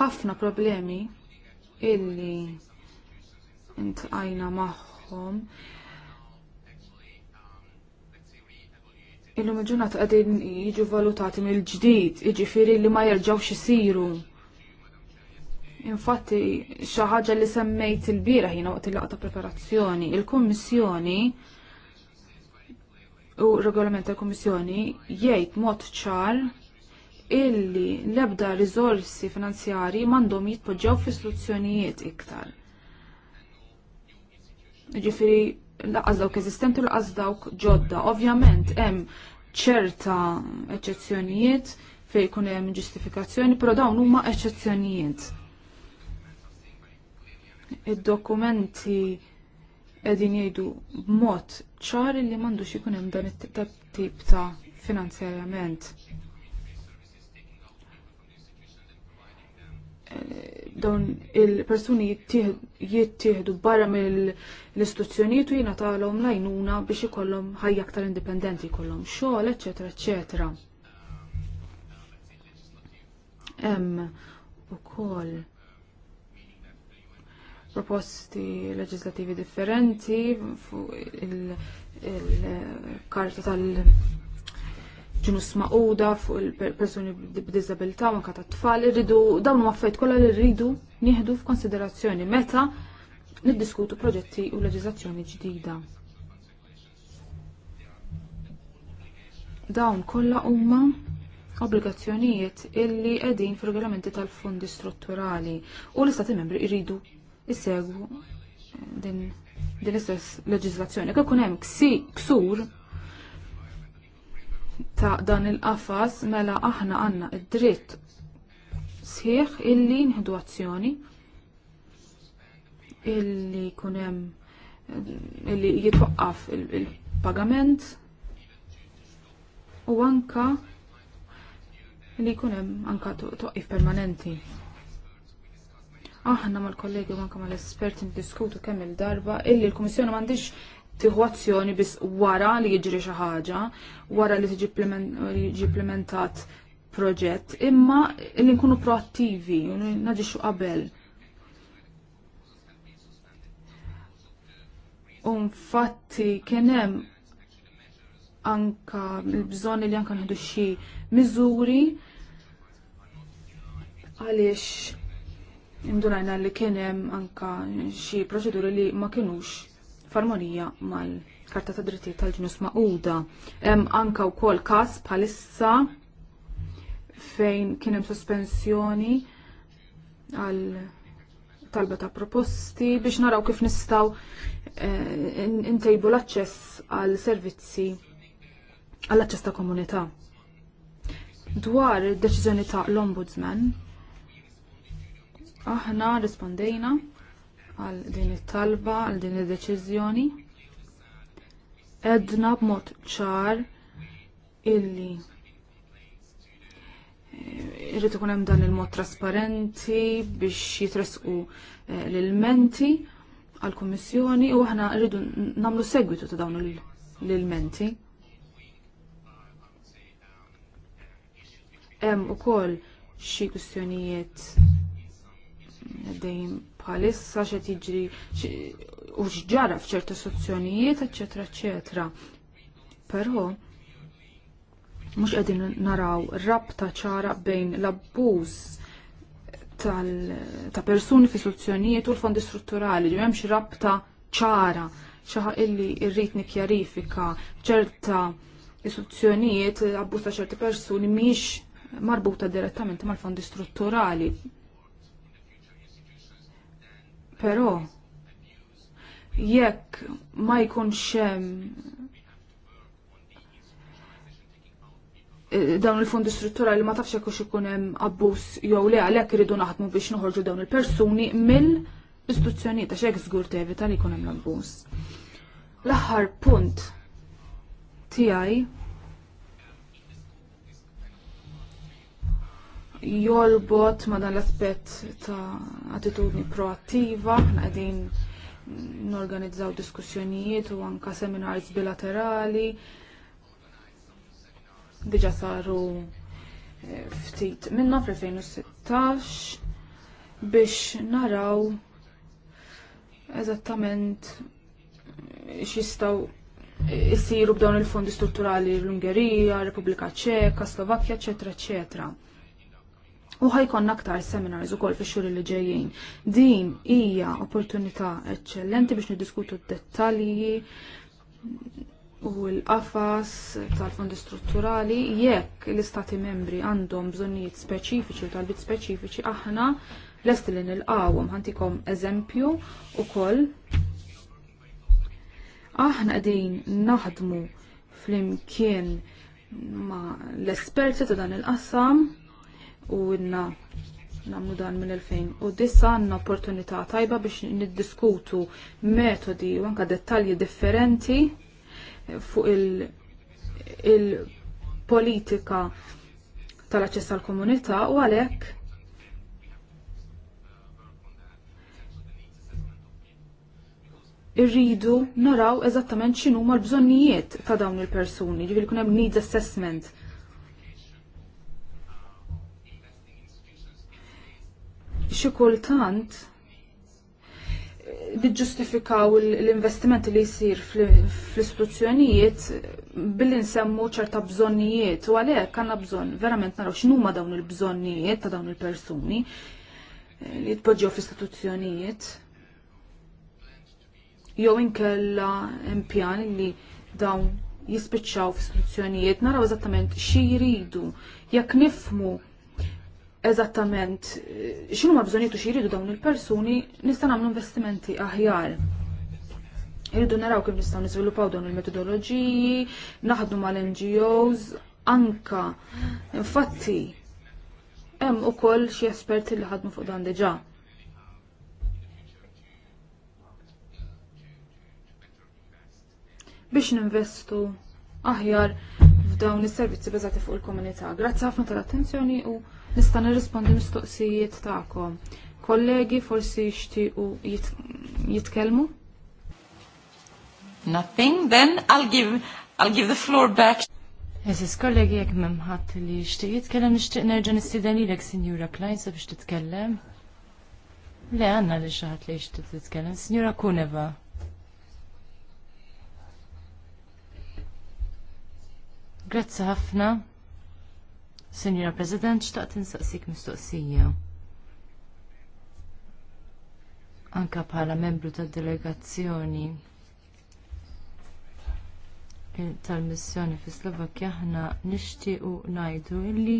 ħafna problemi illi intqajna magħhom. Illum il-ġurnata qegħdin jiġu valutati mill-ġdid, jiġifieri li ma jerġgħux isiru. Infatti xi ħaġa li semmejt il-bieraħ jiena waqt il-laqta preparazzjoni, il-Kummissjoni u regolament tal-Kummissjoni jgħid mod ċar illi l-ebda riżorsi finanzjarji m'għandhom jitpoġġew fi soluzzjonijiet iktar. Jiġifieri laqas dawk eżistenti u laqas dawk ġodda. Ovvjament hemm ċerta eċċezzjonijiet fejn ikun hemm ġustifikazzjoni, però dawn huma eċċezzjonijiet id-dokumenti qegħdin jgħidu b'mod ċar li m'għandux ikun hemm dan it-tip ta' finanzjarjament. dawn il-persuni jittieħdu barra mill-istituzzjonijiet u jina talhom lajnuna biex ikollhom ħajja aktar indipendenti, jkollhom xogħol, eċetera, eċetera. Hemm ukoll proposti leġislativi differenti fuq il-karta tal- ġinus maquda fuq il-persuni b'dizabilità u anka ta' tfal irridu dawn huma affarijiet kollha li rridu nieħdu f'konsiderazzjoni meta niddiskutu proġetti u leġiżlazzjoni ġdida. Dawn kollha huma obbligazzjonijiet illi qegħdin fir-regolamenti tal-fondi strutturali u l-istati membri jridu jissegwu din din l-istess leġiżlazzjoni. Kekk hemm ksur ta' dan il-qafas mela aħna għandna id-dritt sħiħ illi nħidu azzjoni illi kunem illi jitwaqqaf il-pagament u anka illi kunem anka toqif permanenti. Aħna mal-kollegi u anka mal-esperti diskutu kemm il-darba illi l komissjoni m'għandix Tiħu azzjoni biss wara li jiġri xi ħaġa, wara li tiġi implementat proġett, imma li nkunu proattivi, naġixxu qabel. U fatti kien hemm anka l-bżonn li anka nħidu xi miżuri għaliex indunajna li kien hemm anka xi proċeduri li ma kinux f'armonija mal-Karta ta' Drittijiet tal-Ġnus Maquda. Hemm anke wkoll każ bħalissa fejn kien hemm sospensjoni għal talba ta' proposti biex naraw kif nistgħu eh, intejbu l-aċċess għal servizzi għall aċċess ta' komunità. Dwar id-deċiżjoni ta' l-Ombudsman, aħna rispondejna għal din it-talba, għal din id-deċiżjoni. Edna b'mod ċar illi eh, irrid ikun hemm dan il-mod trasparenti biex jitresqu eh, l-ilmenti għal-Kummissjoni u aħna rridu nagħmlu segwitu ta' dawn l-ilmenti. Hemm ukoll xi kwistjonijiet eh, dejjem bħalissa xe tiġri u xġara f'ċerta sozzjonijiet, eccetera, eccetera. Però mhux qegħdin naraw rabta ċara bejn l-abbuż ta' persuni fi sozzjonijiet u l-fondi strutturali, ġi m'hemmx rabta ċara ċaħa illi irrit nikjarifika ċerta istituzzjonijiet abbuż ta' ċerti persuni miex marbuta direttament mal-fondi strutturali Però jekk ma jkunx eh, dawn il-fondi strutturali ma tafx jekk ikun hemm abbuż jew le għalhekk iridu naħdmu biex noħorġu dawn il-persuni mill-istituzzjonijiet għax hekk żgur tevita li jkun hemm l-abbuż. L-aħħar punt tiegħi jolbot ma dan l-aspett ta' attitudni proattiva, ħna qegħdin norganizzaw diskussjonijiet u anka seminars bilaterali. Diġa saru eh, ftit minna fl-2016 biex naraw eżattament x'jistgħu jsiru b'dawn il-fondi strutturali l-Ungerija, Repubblika Ċeka, Slovakkja, eċetera, eċetera u ħajkon aktar seminars ukoll fix-xhur li ġejjin. Din hija opportunità eċċellenti biex niddiskutu d-dettalji u l-qafas tal-fondi strutturali jekk l-istati membri għandhom bżonnijiet speċifiċi u talbiet speċifiċi aħna lest li nil-qawum ħantikom eżempju ukoll aħna qegħdin naħdmu flimkien ma l-esperti ta' dan il-qassam u għinna namlu dan minn il-fejn. u dissa għanna opportunità tajba biex niddiskutu metodi u anka dettalji differenti fuq il-politika il tal-aċċess għal komunità u għalhekk irridu naraw eżattament x'inhuma l bżonnijiet ta' dawn il-persuni, ġifieri kun hemm needs assessment xi kultant l-investimenti li jsir fl-istituzzjonijiet billi nsemmu ċerta bżonnijiet u għalhekk għandna bżonn verament naraw x'numa dawn il-bżonnijiet ta' dawn il-persuni li jitpoġġew fl-istituzzjonijiet. Jew inkella impjan li dawn jispiċċaw fl-istituzzjonijiet naraw eżattament xi jridu jekk nifmu eżattament x'inhu ma bżonniet u x'jridu dawn il-persuni nista' nagħmlu investimenti aħjar. Irridu naraw kif nistgħu niżviluppaw dawn il-metodoloġiji, naħdu mal-NGOs, anka infatti hemm ukoll xi esperti li ħadmu fuq dan diġà. biex ninvestu aħjar f'dawn is-servizzi bażati fuq il-komunità. Grazzi ħafna tal-attenzjoni u nista' nirrispondi mistoqsijiet tagħkom. Kollegi forsi jixtiequ jitkellmu? Nothing, then I'll give I'll give the floor back. Eżis kollegi jek memħat li xtiq jitkellem nixtieq nerġa' nistieden lilek Sinjura Klein biex titkellem. Le għandna li xi ħadd li jixtieq titkellem, Sinjura Kuneva. Grazzi ħafna. Senjora President, xtaqt insaqsik mistoqsija. Anka bħala membru tad delegazzjoni tal-missjoni fi Slovakkja ħna nixtiequ ngħidu illi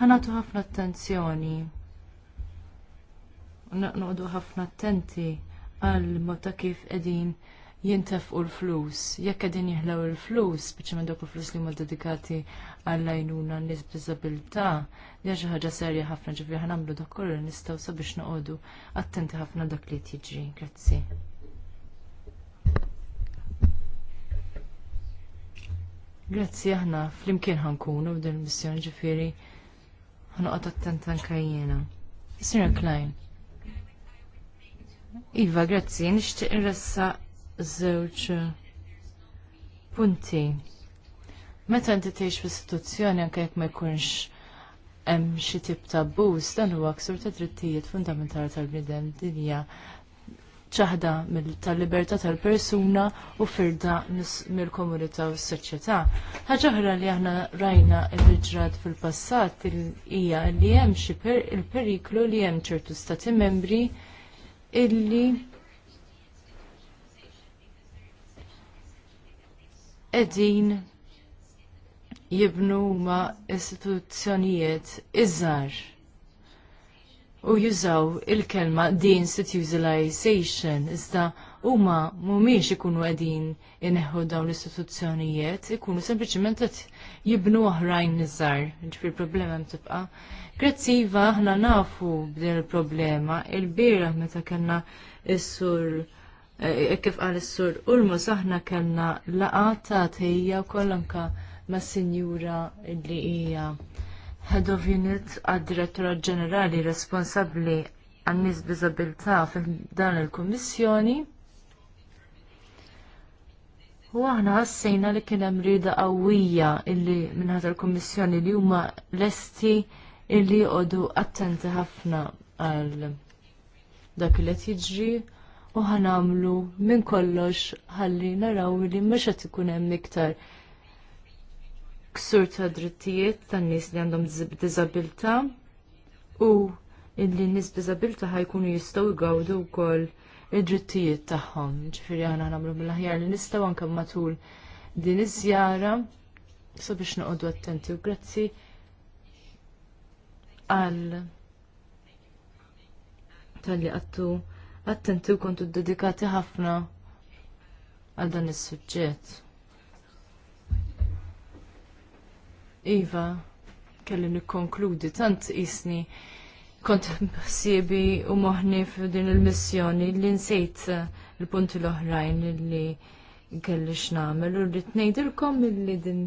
ħanatu ħafna attenzjoni. Naqnoqdu ħafna attenti għal mota kif qegħdin jintefqu l-flus. Jekk qegħdin jihlaw il-flus, biex minn dawk il-flus li huma dedikati għall-għajnuna n-nies b'diżabilità, li xi ħaġa serja ħafna ġifieri ħa nagħmlu dak kollu nistgħu sabiex noqogħdu attenti ħafna dak li jiġri. Grazzi. Grazzi aħna flimkien ħankunu b'din il-missjoni ġifieri ħanoqgħod attenta anke jiena. Klein. Iva, grazzi, nixtieq irressa żewġ punti. Meta inti tgħix fis-istituzzjoni anke jekk ma jkunx hemm xi tip ta' abbuż dan huwa ksur ta' drittijiet fundamentali tal-bniedem dinja ċaħda tal-libertà tal-persuna u firda mill-komunità u s-soċjetà. Ħaġa oħra li aħna rajna l-ġrad fil-passat hija li hemm xi il-periklu li hemm ċertu stati membri illi qegħdin jibnu huma istituzzjonijiet iżgħar u jużaw il-kelma deinstitutionalization iżda huma mhumiex ikunu qegħdin ineħħu dawn l-istituzzjonijiet, ikunu sempliċement qed jibnu oħrajn iżgħar, ġifir problema tibqa'. Grazzi iva aħna nafu b'din il-problema, il-bieraħ meta kellna is-sur Eh, eh, kif qal is-sur Urmu aħna kellna laqata ta' tejja wkoll anke mas-sinjura li hija Head of Unit għad-Direttura Ġenerali responsabbli għan-nies b'diżabilità fil-dan il-Kummissjoni. U aħna ħassejna li kien hemm rieda qawwija illi minn ħadd il-Kummissjoni li huma lesti illi għodu attenti ħafna għal dak li qed jiġri u ħanamlu minn kollox ħalli naraw li mhux qed ikun hemm iktar ksur ta' drittijiet tan-nies li għandhom diżabilità u illi n-nies diżabilità ħajkunu jistgħu jgawdu wkoll id-drittijiet tagħhom. Ġifieri aħna nagħmlu mill-aħjar li nistgħu anke matul din iż-żjara sabiex noqogħdu attenti u grazzi għal tal-li għattu attenti u kontu dedikati ħafna għal dan is-suġġett. Iva, kelli nikkonkludi, tant isni kont siebi u moħni f'din il-missjoni li nsejt il-punti l-oħrajn li kelli x'namel u li tnejdilkom li din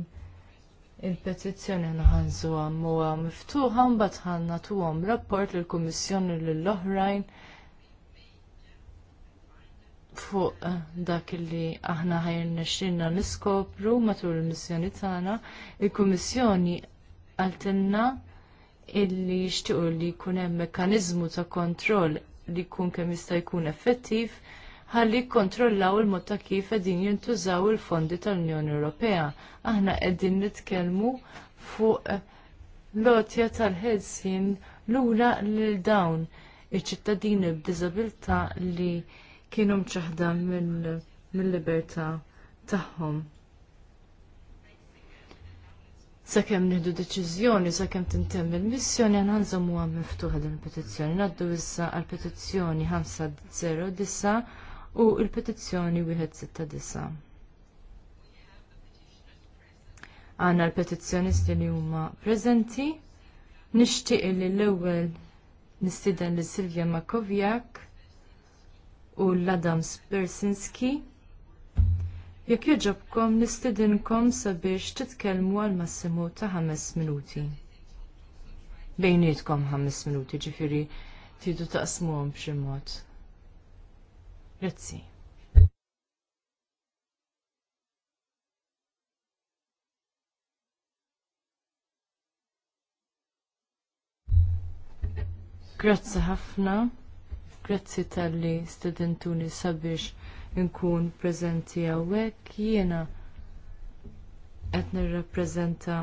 il-petizzjoni nħanżu għam u miftuħa mbagħad ħanna tuhom rapport lill-Kummissjoni lill-oħrajn fuq eh, dak li aħna ħajr nexxinna niskopru matul il-missjoni tagħna, il-Kummissjoni għaltenna illi jixtiequ li jkun hemm mekkaniżmu ta' kontroll li jkun kemm jista' jkun effettiv ħalli kontrollaw il-mod ta' kif qegħdin jintużaw il-fondi tal-Unjoni Ewropea. Aħna qegħdin nitkellmu fuq eh, lotja tal-ħelsin lura lil dawn iċ-ċittadini b'diżabilità li kienu mċaħda mill-libertà tagħhom. Sakemm nieħdu deċiżjoni, sakemm tintemm il-missjoni għan għanżom huwa miftuħa din il-petizzjoni. Naddu issa għal-petizzjoni 509 u l-petizzjoni 169. għanna l-petizjonisti li huma prezenti. Nixtieq li l-ewwel nistieden li Silvia Makovjak u l-Adams Persinski. Jekk jogħġobkom nistidinkom sabiex titkellmu għal massimu ta' ħames minuti. Bejnietkom ħames minuti ġifiri tridu taqsmuhom b'xi mod. Grazzi. Grazzi ħafna. Grazzi tal-li studentuni sabiex nkun prezenti għawek. Jiena qed nirrappreżenta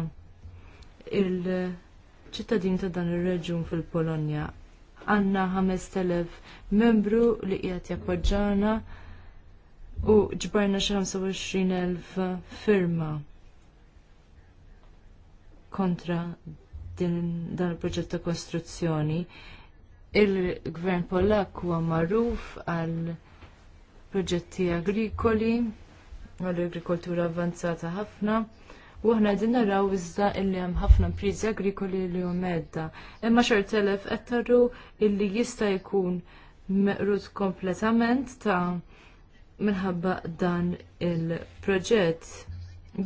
il-ċittadin ta' dan ir-reġun fil-Polonja. Għanna 5000 membru li qiegħed jappoġġana u ġbarna xi 25,000 firma kontra din dan il-proġett ta' kostruzzjoni il-gvern Pollak huwa magħruf għal proġetti agrikoli, għal agrikoltura avvanzata ħafna. U aħna din naraw iżda illi hemm ħafna impriżi agrikoli li hu medda. Imma xar telef qed tarru illi jista' jkun meqrut kompletament ta' minħabba dan il-proġett.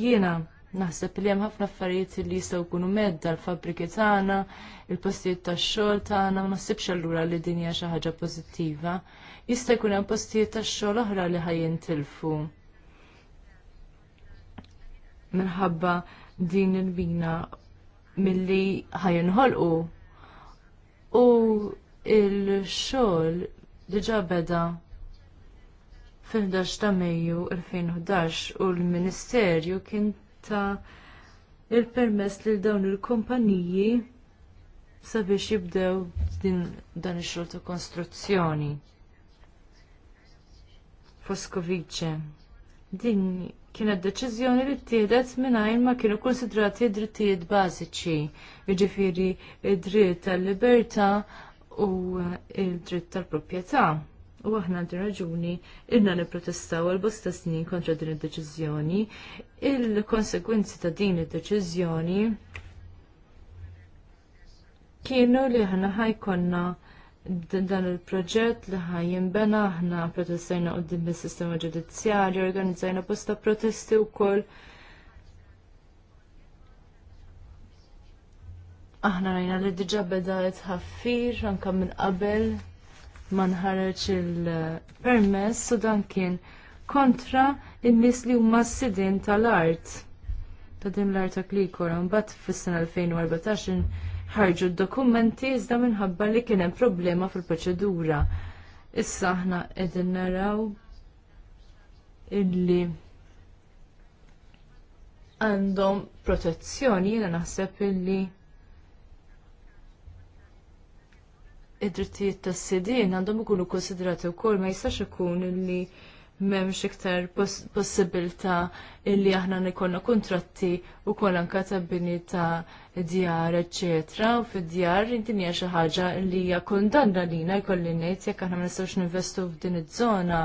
Jiena Naħseb li hemm ħafna affarijiet li jistgħu jkunu medda l-fabbriki tagħna, il-postijiet tax-xogħol tagħna, ma naħsibx allura li din hija xi ħaġa pożittiva. Jista' jkun hemm postijiet tax-xogħol oħra li ħajjintilfu. Minħabba din il-bina milli ħajinħolqu. U il-xogħol diġà beda fil-11 ta' Mejju 2011 u l-Ministerju kien ta' il-permess lil dawn il-kumpaniji sabiex jibdew din dan il-xol ta' konstruzzjoni. Foskovice. Din kienet deċiżjoni li ttieħdet mingħajr ma kienu konsidrati drittijiet bażiċi, jiġifieri id-dritt tal liberta u id dritt tal-proprjetà. U aħna għandi raġuni irna niprotestaw għal bosta snin kontra din id-deċiżjoni. Il-konsekwenzi ta' din id-deċiżjoni kienu li aħna ħajkonna dan il-proġett li ħajjinbena aħna protestajna din il sistema ġudizzjarju, organizzajna bosta protesti wkoll. Aħna rajna li diġà beda tħaffir anke minn qabel ma nħareġ il-permess u dan kien kontra in-nies li huma s-sidin tal-art ta' din l-art ta' u Mbagħad fis-sena 2014 ħarġu d-dokumenti iżda minħabba li kien hemm problema fil-proċedura. Issa aħna qegħdin naraw illi għandhom protezzjoni jiena naħseb illi id-drittijiet tas-sidin għandhom ikunu konsidrati wkoll ma jistax ikun li memx iktar possibilta illi aħna nikonna kontratti u kol anka ta' bini ta' djar, eccetera, u fid-djar din hija xi ħaġa li hija kundanna lina jkolli ngħid jekk aħna ma nistgħux ninvestu f'din iż-żona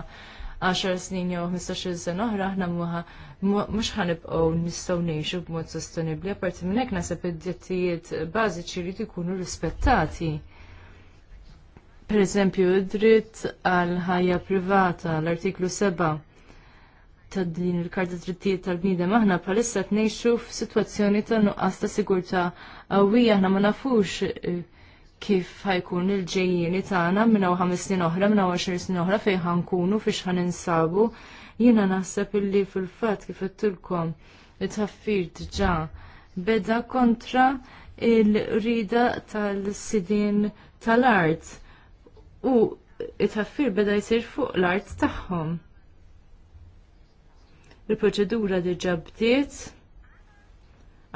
10 snin jew 15 sena oħra aħna mhux ħanibqgħu nistgħu ngħixu b'mod sostenibbli, apparti minn hekk naħseb id-djettijiet bażiċi jridu jkunu rispettati. Per eżempju, dritt għal ħajja privata, l-artiklu 7 ta' din il-karta drittijiet tal bnidem aħna bħalissa tnejxu f'sitwazzjoni ta' nuqqas ta' sigurtà qawwija aħna ma nafux eh, kif ħajkun il-ġejjieni tagħna minn hawn ħames snin oħra, minn hawn għaxar snin oħra fejn ħankunu fiex ħaninsabu. Jiena naħseb illi fil-fatt kif qedtulkom it-ħaffir diġà beda kontra il-rida tal-sidin tal-art u it taffir beda jsir fuq l-art tagħhom. Il-proċedura diġà bdiet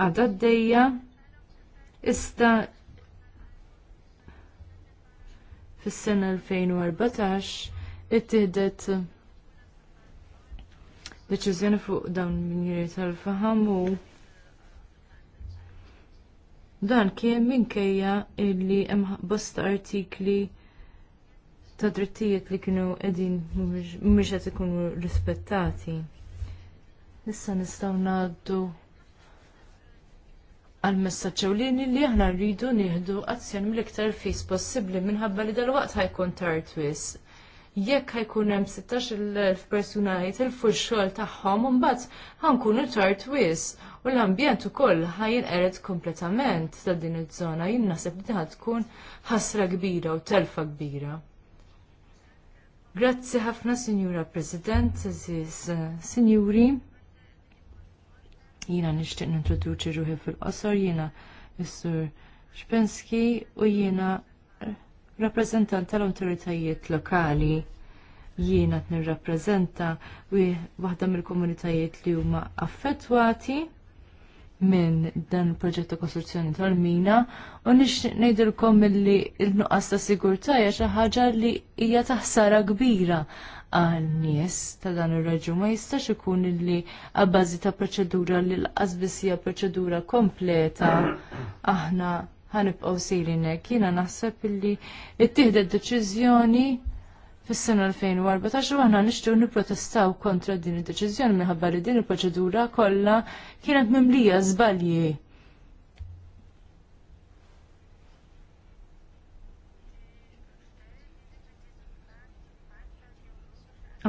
għadha d-dejja iżda fis-sena 2014 ittieħdet deċiżjoni fuq dawn minjeri tal-faham u dan kien minkejja illi hemm bosta artikli ta' drittijiet li kienu qegħdin mhumiex qed ikunu rispettati. Issa nistgħu ngħaddu għal messaċċew li li aħna rridu nieħdu azzjon mill-iktar fis possibbli minħabba li dal-waqt ħajkun tard wis. Jekk ħajkun hemm 16,000 persuna jitilfu x-xogħol tagħhom u mbagħad ħankunu tard wis u l-ambjent ukoll ħajinqered kompletament ta' din iż-żona jien naħseb li tkun ħasra kbira u telfa kbira. Grazzi ħafna, Signora President, Aziz eh, Sinjuri. Jina nishtiq nintroduċi ruħi fil-qosor, jina Mr. Spensky u jina rappresentant tal-autoritajiet lokali. Jiena t-nirrapprezenta waħda mill-komunitajiet li huma affettwati minn dan il-proġett ta' kostruzzjoni tal-mina u nix nejdilkom mill-li il-nuqqas ta' sigurta hija xi ħaġa li hija taħsara kbira għal-nies ta' dan ir-raġun ma jistax ikun illi għabbażi ta' proċedura li l-qasbis hija proċedura kompleta aħna ħanibqgħu sejrinek. Jiena naħseb illi ittieħdet deċiżjoni fis-sena 2014 u aħna nixtru nipprotestaw kontra din id-deċiżjoni minħabba li din il-proċedura kollha kienet mimlija żbalji.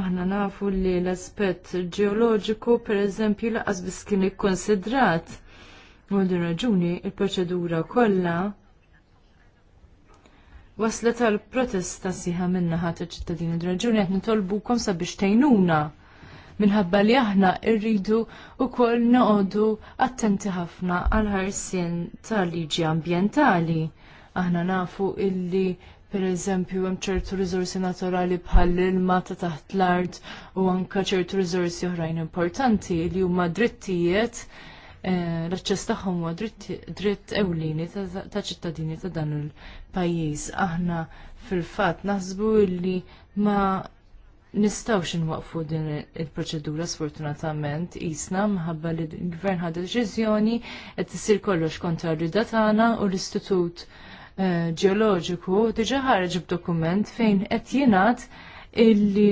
Aħna nafu li l-aspett ġeoloġiku pereżempju laqas biss kien ikkonsidrat. Għal din raġuni il-proċedura kollha waslet għal protesta siħa minna ħat ċittadini d-raġuni għet nitolbukom sabiex tejnuna minħabba li aħna irridu u kol noqdu attenti ħafna għal ħarsien tal-liġi ambientali. Aħna nafu illi per eżempju hemm ċertu riżorsi naturali bħal ilma ta' taħt l-art u anka ċertu riżorsi oħrajn importanti li huma drittijiet Eh, l-aċċess tagħhom huwa dritt ewlieni ta' ċittadini ta' dan il-pajjiż. Aħna fil-fatt naħsbu li ma nistawx inwaqfu din il-proċedura sfortunatament isna mħabba li l-gvern ħad deċiżjoni qed isir kollox kontra rida tagħna u l-Istitut eh, Ġeoloġiku diġà ħareġ b'dokument fejn qed jingħad illi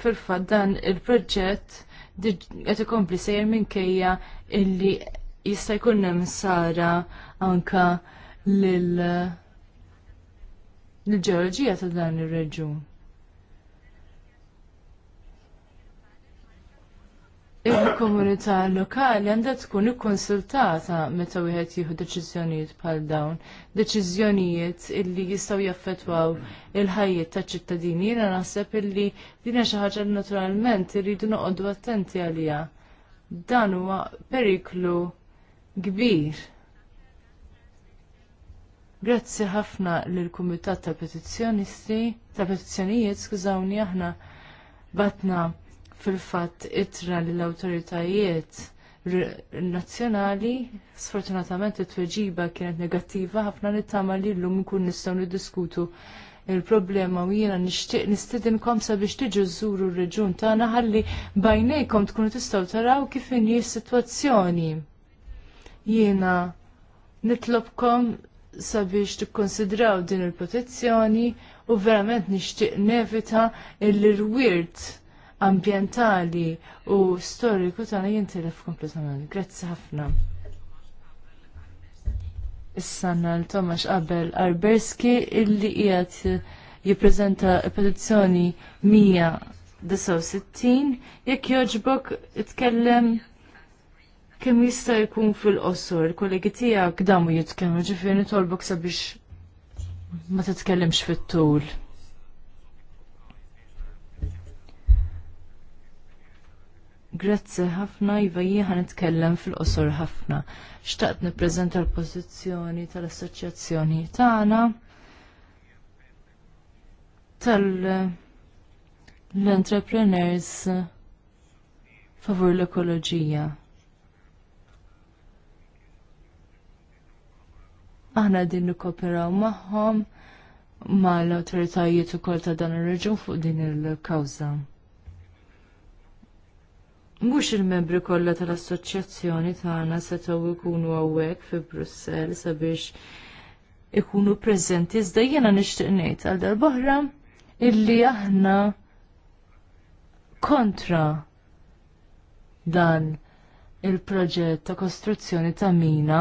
fil-fatt dan il-proġett għet ikompli sejjer minkejja illi jista' jkun hemm sara anka lil l-ġeoloġija ta' dan ir-reġun. il-komunità lokali għandha tkun ikkonsultata meta wieħed jieħu deċiżjonijiet bħal dawn, deċiżjonijiet illi jistgħu jaffettwaw il-ħajjiet taċ-ċittadini, jiena naħseb illi din hija xi ħaġa naturalment irridu noqogħdu attenti għaliha. Dan huwa periklu kbir. Grazzi ħafna lill kumitat tal-Petizzjonisti, tal-Petizzjonijiet, skużawni aħna batna fil-fatt itra l-autoritajiet nazzjonali, sfortunatament it-tweġiba kienet negattiva ħafna nittama li l-lum nistgħu niddiskutu il-problema u jiena nixtieq nistidinkom sabiex tiġu żuru r-reġun tagħna ħalli bajnejkom tkunu tistgħu taraw kif inhi s-sitwazzjoni. Jiena nitlobkom sabiex tikkonsidraw din il-protezzjoni u verament nixtieq nevita l irwiet ambjentali u storiku tagħna jintilef kompletament. Grazzi ħafna. Issa l-Tomax Abel Arberski illi qiegħed jippreżenta petizzjoni 169 jekk jogħġbok itkellem kemm jista' jkun fil-qosor, kollegi tiegħek damu jitkellmu ġifieri tolbok sabiex ma titkellimx fit-tul. Grazzi ħafna Iva jieħa nitkellem fil-qosor ħafna. Xtaqt nippreżenta l-pożizzjoni tal-assoċjazzjoni tagħna tal-entrepreneurs favur l-ekoloġija. Aħna din nikkoperaw magħhom mal-awtoritajiet ukoll ta' dan ir-reġun fuq din il-kawża. Mhux il-membri kollha tal-assoċjazzjoni tagħna setgħu jkunu hawnhekk fi Brussell sabiex ikunu preżenti iżda jiena nixtieq ngħid għal darb'oħra illi aħna kontra dan il-proġett ta' kostruzzjoni ta' mina,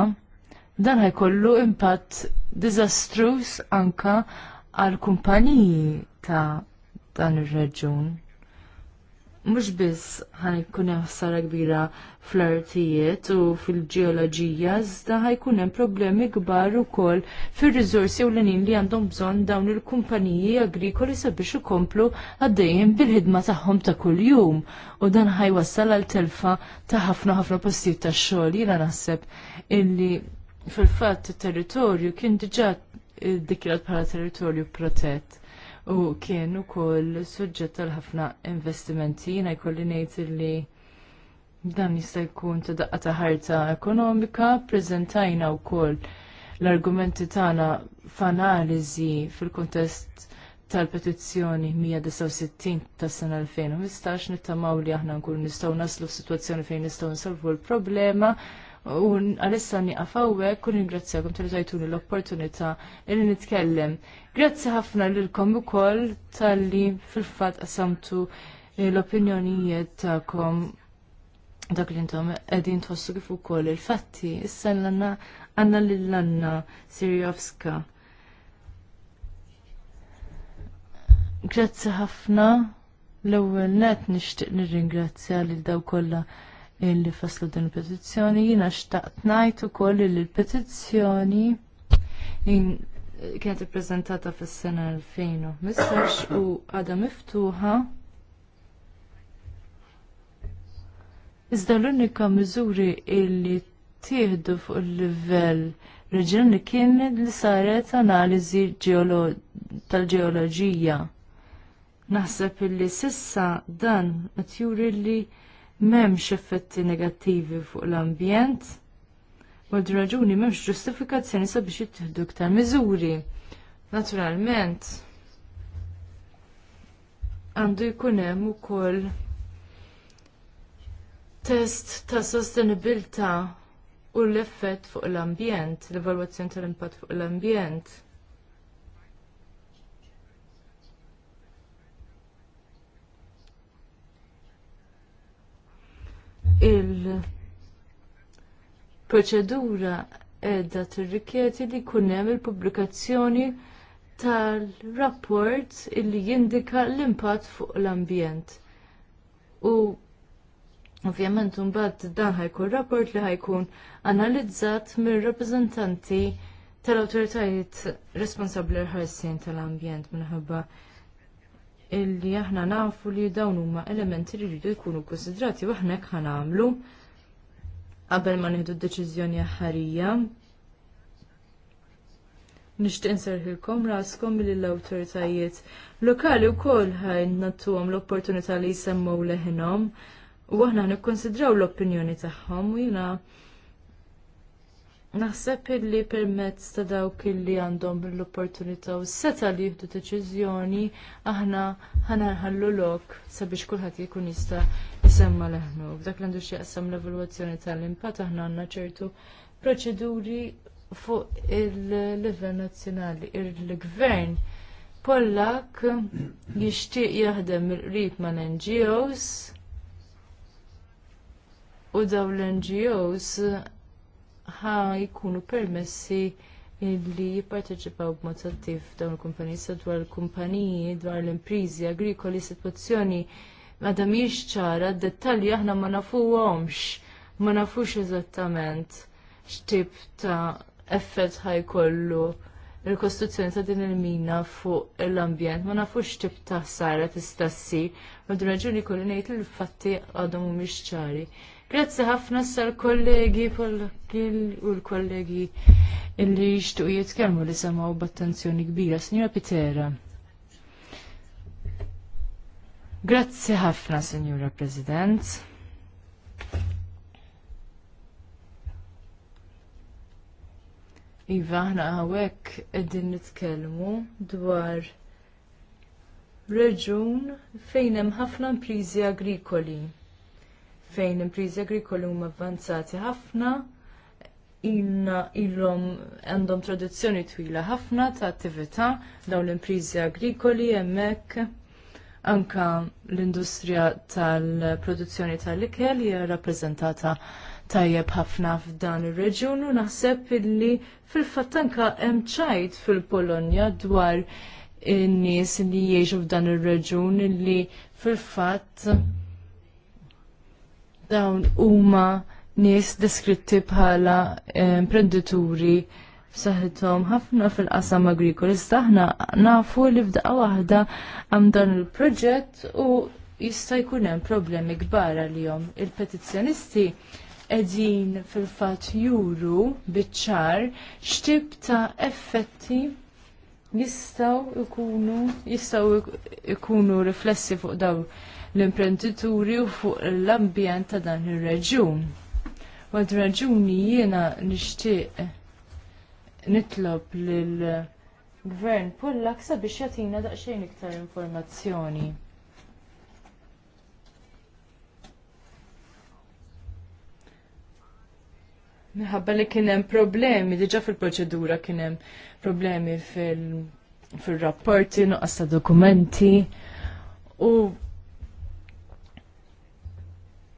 dan ħajkollu impatt diżastruż anka għal kumpaniji ta' dan ir-reġun mhux biss ħajkun hemm ħsara kbira fl-artijiet u fil-ġeoloġija, iżda ħajkun hemm problemi kbar ukoll fir-riżorsi u l-nin li għandhom bżonn dawn il-kumpaniji agrikoli sabiex ikomplu għaddejjem bil-ħidma tagħhom ta' kuljum u dan ħajwassal għal telfa ta' ħafna ħafna postijiet ta' xogħol jiena naħseb illi fil-fatt it-territorju kien diġà ddikjarat bħala territorju protett u kien ukoll suġġett tal ħafna investimenti jiena jkolli ngħid li dan jista' jkun ta' daqqa ta' ħarta ekonomika, preżentajna wkoll l-argumenti tagħna f'analiżi fil-kuntest tal-petizzjoni 169 tas sena 2015 nittamaw li aħna nkunu nistgħu naslu f'sitwazzjoni fejn nistgħu nsolvu l-problema u għalissa niqafawek kun għum tal tajtuni l-opportunità illi nitkellem. Grazzi ħafna lilkom ukoll tal-li fil-fatt qasamtu l-opinjonijiet tagħkom dak li intom qegħdin tħossu kif ukoll il-fatti. Issa l-għanna għanna għanna l għanna Sirjovska. Grazzi ħafna. L-ewwel net nixtieq nirringrazzja lil daw kollha illi faslu din il-petizzjoni, jina xtaqt najtu koll li l-petizzjoni kienet ippreżentata fis-sena 2015 u għada miftuħa Iżda l-unika miżuri illi tieħdu fuq il-livell reġjuni kien li saret analiżi tal-ġeoloġija. Naħseb illi sissa dan qed juri li m'hemmx effetti negattivi fuq l-ambjent. Għad raġuni m'hemmx ġustifikazzjoni sabiex jittieħdu iktar miżuri. Naturalment, għandu jkun hemm ukoll test ta' sostenibilità u l-effett fuq l-ambjent, l-evalwazzjoni tal-impatt fuq l-ambjent. il-proċedura edha tirrikjeti li kunem il-pubblikazzjoni tal-rapport illi jindika l-impatt fuq l-ambjent. U ovvjament mbagħad dan ħajkun rapport li ħajkun analizzat mir rappresentanti tal-awtoritajiet responsabbli ħarsin ħarsien tal-ambjent minħabba illi aħna nafu li dawn huma elementi li jridu jkunu konsidrati u aħna hekk ħanamlu qabel ma nieħdu d-deċiżjoni aħħarija. Nixtieq inserħilkom raskom li l-awtoritajiet lokali wkoll ħajn l-opportunità li jsemmew leħinhom u aħna nikkonsidraw l-opinjoni tagħhom u jiena Naħseb illi permezz ta' dawk illi għandhom l-opportunità u s-seta li jieħdu deċiżjoni aħna ħanarħallu lok sabiex kulħadd jkun jista' jisemma leħnu. Dak l-għandu xieqsam l-evalwazzjoni tal-impatt aħna għandna ċertu proċeduri fuq il-livell nazzjonali. Il-gvern Pollak jixtieq jaħdem il-qrib ma' NGOs u dawn l-NGOs ħa jkunu permessi li jipparteċipaw b'mod attiv f'dawn il-kumpaniji sa dwar il-kumpaniji dwar l-imprizi agrikoli sitwazzjoni għadha mhijiex ċara d-dettalji aħna ma nafuhomx ma nafux eżattament x'tip ta' effett ħajkollu il-kostruzzjoni ta' din il-mina fuq l-ambjent, ma nafux x'tip ta' sara tista' ssir, ma raġuni kolli ngħid il-fatti għadhom mhumiex ċari. Grazzi ħafna sal-kollegi u l-kollegi illi jixtuq jitkellmu li semaw b'attenzjoni kbira. Signora Pitera. Grazzi ħafna, Signora President. Iva, ħna għawek għeddin nitkellmu dwar reġun fejn hemm ħafna imprizi agrikoli fejn imprizi agrikoli huma avvanzati ħafna ilhom għandhom tradizzjoni twila ħafna ta' attività dawn l-imprizi agrikoli hemmhekk anka l-industrija tal-produzzjoni tal-ikel hija rappreżentata tajjeb ħafna f'dan ir-reġjun u naħseb illi fil-fatt anke hemm ċajt fil-Polonja dwar in-nies li jgħixu f'dan ir-reġjun illi fil-fatt dawn huma nies deskritti bħala eh, imprenditori saħħithom ħafna fil-qasam agrikoli. Iżda aħna nafu li f'daqqa waħda għam dan il-proġett u jista' jkun hemm problemi kbar għalihom. Il-petizzjonisti qegħdin fil-fatt juru biċ-ċar x'tib ta' effetti jistgħu jkunu jistgħu jkunu riflessi fuq dawn l-imprenditori u fuq l-ambjent ta' dan ir-reġjun. Għad raġuni jiena nixtieq nitlob l gvern Pollak sabiex jatina daqsxejn iktar informazzjoni. Minħabba li kien hemm problemi, diġà fil-proċedura kien hemm problemi fil-rapporti, noqqas ta' dokumenti u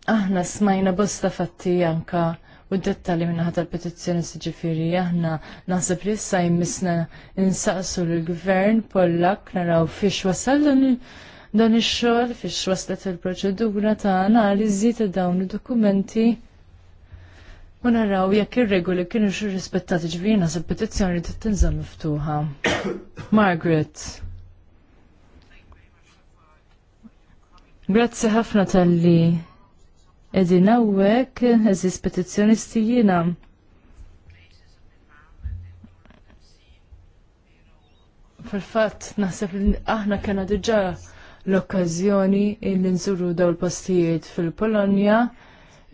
aħna smajna bosta fatti anka u d-dettali minna ħata l-petizzjoni s-ġifiri aħna naħseb li issa jimmisna insaqsu l-gvern pollak naraw fiex wasal dan ix-xogħol fiex waslet il-proċedura ta' analiżi ta' dawn id-dokumenti u naraw jekk ir-regoli kienu xur rispettati ġviri naħseb petizzjoni trid tinżamm miftuħa. Margaret. Grazzi ħafna tal-li Edin għawek, eżis petizjonisti jina. Fil-fat, naħseb li aħna kena diġa l-okkazjoni illi nżuru daw l-postijiet fil-Polonja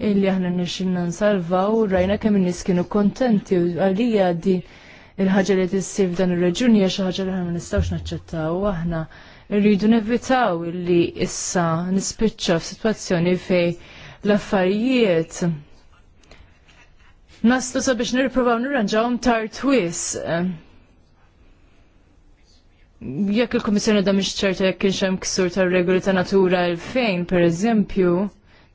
illi aħna nixinna nsalvaw, rajna kemm nis kienu kontenti u għalija di il-ħagġa li tissir f'dan ir-reġuni hija xi ħaġa li ħana nistawx naċċettaw aħna rridu nevitaw illi issa nispiċċa f'sitwazzjoni fej l-affarijiet. Naslu sabiex nirprovaw nirranġawhom tar twis. Jekk il-Kummissjoni da mhix ċerta jekk kienx hemm ksur tar-regoli ta' natura l fejn, pereżempju,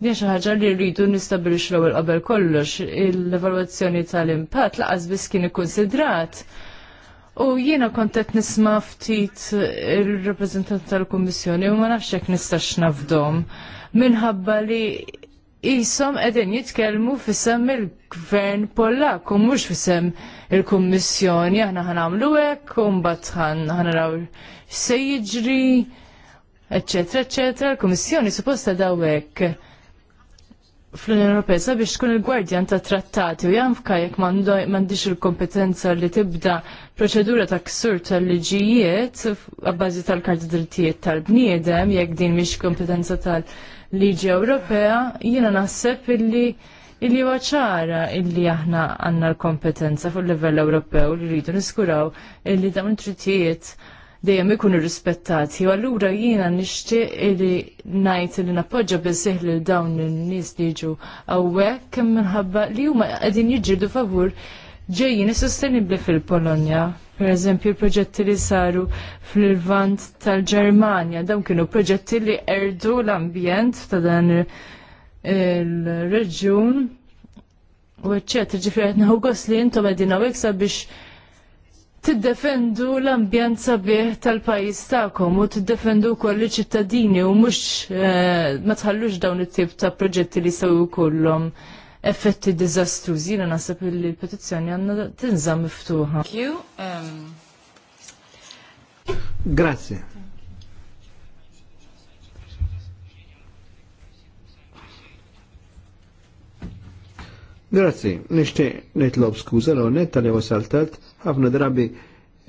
din xi ħaġa li rridu nistabilix l qabel kollox l-evalwazzjoni tal-impatt laqas biss kien ikkunsidrat. U jiena kontet nisma ftit il-reprezentant tal kummissjoni u ma nafx jekk nistax nafdom minħabba li jisom edin jitkelmu fissem il-gvern Pollak u mux fissem il-kommissjoni aħna ħanamlu ek, għan għan se jiġri, eccetera, eccetera, il-kommissjoni supposta daw għek fl-Unjoni Ewropea sabiex tkun il-gwardjan ta' trattati u janfka jekk m'għandix il-kompetenza li tibda proċedura ta' ksur tal-liġijiet għabbażi tal-karta drittijiet tal-bniedem jekk din mhix kompetenza tal-liġi Ewropea, jiena naħseb illi illi ċara illi aħna għandna l-kompetenza fuq livell Ewropew li rridu niskuraw illi dawn il trittijiet dejjem ikunu rispettati. U allura jiena nixtieq li ngħid li nappoġġa biżejħ lil dawn in-nies li jiġu hawnhekk minħabba li huma qegħdin jiġġieldu favur ġejjin sostenibbli fil-Polonja. Per eżempju, il-proġetti li saru fl-Irvant tal-Ġermanja, dawn kienu proġetti li erdu l-ambjent ta' dan il-reġjun u eċċetra ġifieri qed naħu gost li intom qegħdin hawnhekk sabiex tiddefendu l-ambjent sabiħ tal-pajis tagħkom u tiddefendu wkoll ċittadini u mhux eh, ma tħallux dawn it-tip ta' proġetti li sew kollom effetti diżastrużi li naħseb li l-petizzjoni għanna tinżam miftuħa. Um, Grazie. Grazzi, nishtiq nitlob skuza l-onet tal-li ħafna drabi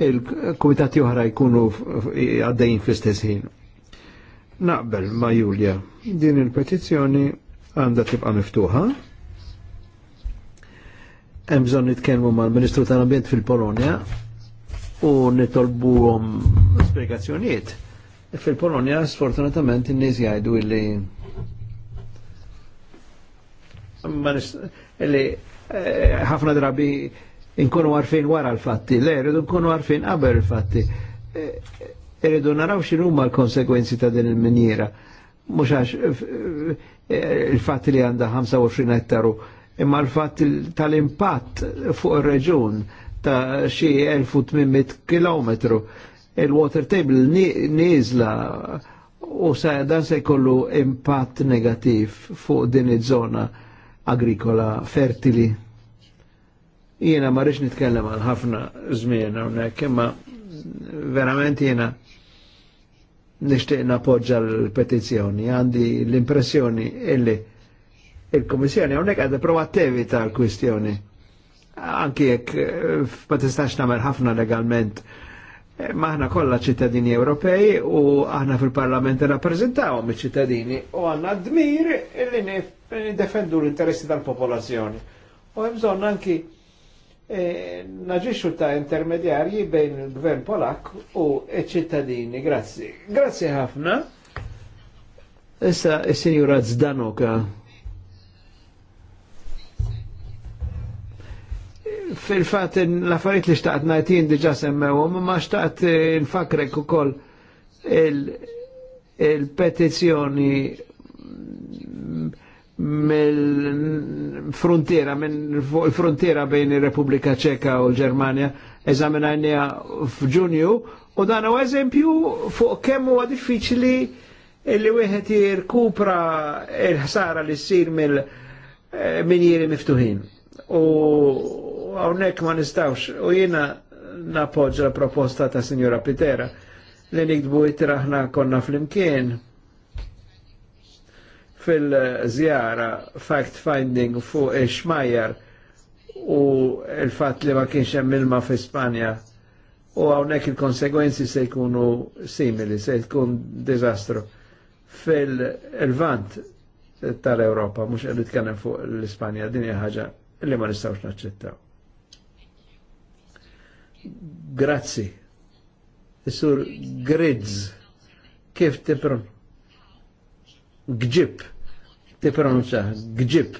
il-komitati oħra jkunu għaddejjin fl-istess ħin. Naqbel ma' Julia, din il-petizzjoni għandha tibqa' miftuħa. Hemm bżonn nitkellmu mal-Ministru tal-Ambjent fil-Polonja u nitolbuhom spjegazzjonijiet. Fil-Polonja sfortunatament in-nies jgħidu illi eh, ħafna drabi nkunu għarfin wara l-fatti, le, rridu nkunu għarfin qabel l-fatti. E, e, rridu naraw xinu ma l-konsekwenzi ta' din il-minjera. Mux għax e, il-fatt li għanda 25 ettaru, imma l-fatt tal-impatt fuq il-reġun ta' xie 1800 km. Il-water table nizla u sa' dan se jkollu impatt negativ fuq din iż-żona agrikola fertili. Jiena ma rix nitkellem għal ħafna żmien hawnhekk, imma verament jiena nixtieq napoġġa l-petizzjoni. Għandi l-impressjoni illi il-Kummissjoni hawnhekk għadha prova tevita l-kwistjoni. Anki jekk eh, ma tistax nagħmel ħafna legalment eh, maħna kollha ċittadini Ewropej u aħna fil-Parlament rappresentawhom iċ-ċittadini u għandna dmir illi defendu l-interessi tal-popolazzjoni. U hemm bżonn anki e, naġiċu ta' intermedjarji bejn il-gvern polak u ċittadini. Grazzi. Grazzi ħafna. Issa, il-Sinjura Zdanoka. fil-fat l farit li xtaqt najtin diġa semmew, ma xtaqt eh, nfakrek ukoll il petizjoni mill-frontiera, minn il-frontiera bejn ir-Repubblika Ċeka u l-Ġermanja, eżaminajnija f'Ġunju, u dan u eżempju fuq kemm huwa diffiċli li wieħed jirkupra il-ħsara li ssir mill-minjieri eh, miftuħin. U hawnhekk ma nistgħux, u jiena napoġġa proposta ta' Sinjura Pitera li nikdbu ittraħna konna fl-imkien fil-żjara fact-finding fuq ix-xmajjar u il-fat li ma kienx hemm ilma fi Spanja u hawnhekk il-konsegwenzi se jkunu simili, se jkun diżastru fil-vant tal-Europa, mhux qed nitkellem fuq l-Ispanja, din hija ħaġa li ma nistgħux naċċettaw. Grazzi. Isur Grids, kif tipron? gġib, tipronċa, gġib.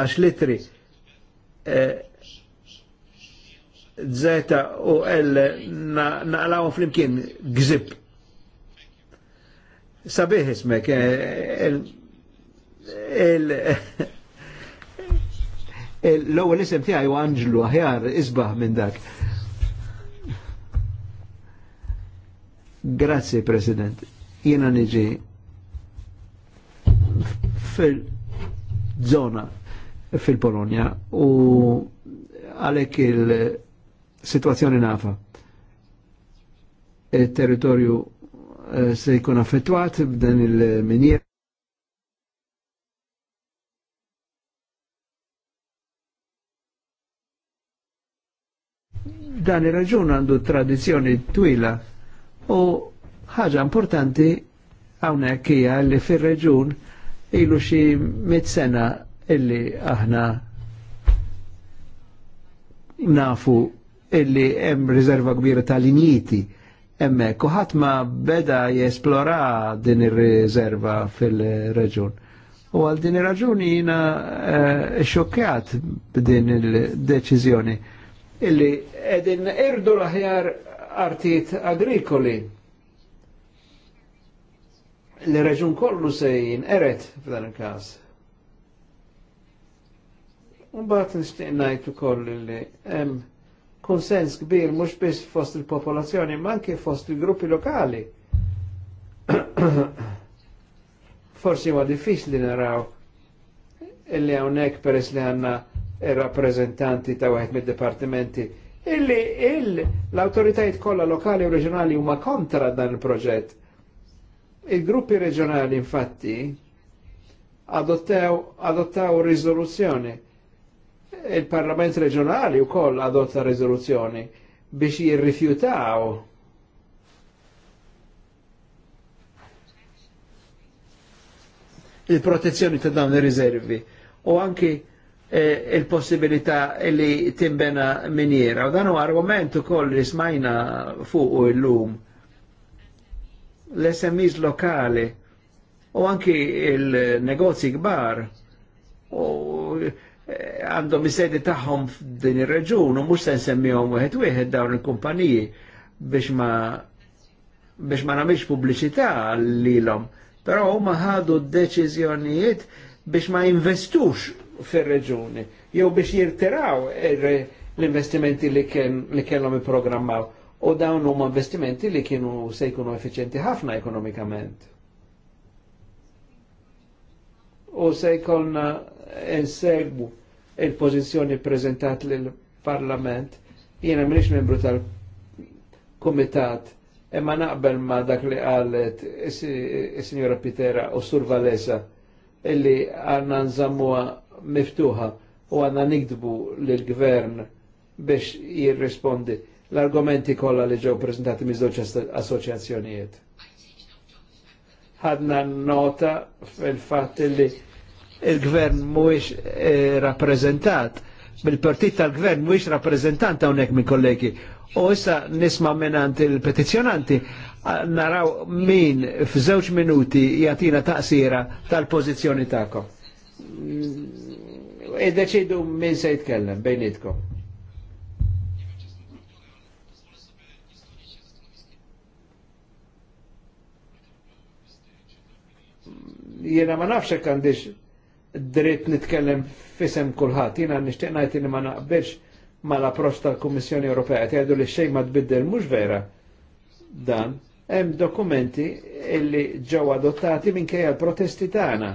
Għax litri eh, zeta u L naqlaw fl-imkien gżib. Sabiħ ismek, eh, l ewel isem tiegħi u Anġlu aħjar isbaħ minn dak. Grazie President. Jena niġi fil-zona fil-Polonia u għalek il-situazzjoni nafa. Il-territorju e e, se jkun affettuat b'dan il-minier. Dan il raġun għandu tradizjoni twila U ħaġa importanti għawnek hija li fil reġun ilu xie mit sena illi aħna nafu illi hemm riserva kbira ta' linjiti hemmhekk u ħadd ma beda jesplora din ir-riserva fil-reġun. U għal din raġuni jina eh, xokkat b'din il-deċizjoni illi edin irdu l-aħjar artijiet agrikoli. Li reġun kollu se eret f'dan il-każ. Mbagħad nixtieq ngħid ukoll li hemm konsens kbir mhux biss fost il-popolazzjoni ma anke fost il-gruppi lokali. Forsi ma diffiċli naraw illi hawnhekk peress li għandna ir rappreżentanti ta' wieħed mid-dipartimenti illi l-autoritajiet kollha lokali u reġjonali huma kontra dan il-proġett. Il-gruppi reġjonali infatti adottaw, adottaw Il-Parlament reġjonali u koll adotta riżoluzzjoni biex jirrifjutaw il-protezzjoni ta' dawn ir-riservi u anki Eh, il-possibilità li timbena miniera. U dan u argument ukoll li smajna fuq illum. l L-SMIs lokali u anki il-negozji kbar u eh, għandhom misedi taħħom tagħhom f'din ir-reġun u mhux se nsemmihom wieħed wieħed dawn il-kumpaniji biex ma biex ma nagħmilx pubbliċità lilhom. Però huma ħadu d-deċiżjonijiet biex ma investux fil reġuni Jew biex jirtiraw l-investimenti li kellhom programmaw u dawn huma investimenti li kienu se jkunu efficienti ħafna ekonomikament. U se jkollna insegwu il-pożizzjoni preżentat lill-Parlament, jiena mhix membru tal-Kumitat imma naqbel ma dak li għalet il-Sinjora Pitera u Sur Valesa illi għanna nżammuha miftuħa u għanna nikdbu l-gvern biex jirrispondi l-argumenti kollha li ġew prezentati miż assoċjazzjonijiet. Ħadna nota fil-fatt li il-gvern mhuwiex eh, rappreżentat bil-partit tal-gvern mhuwiex rappreżentant hawnhekk minn kollegi. U issa nisma' minant il-petizzjonanti naraw min f'żewġ minuti jatina taqsira tal-pożizzjoni tagħkom id-deċidu eh, minn se jitkellem bejnietkom. Jena ma nafx hekk għandix dritt nitkellem fisem kulħadd, jiena nixtieq ngħid li ma naqbilx mal-approċċ tal-Kummissjoni Ewropea qed li xejn ma tbiddel mhux vera dan hemm dokumenti illi ġew adottati minkejja l-protesti tagħna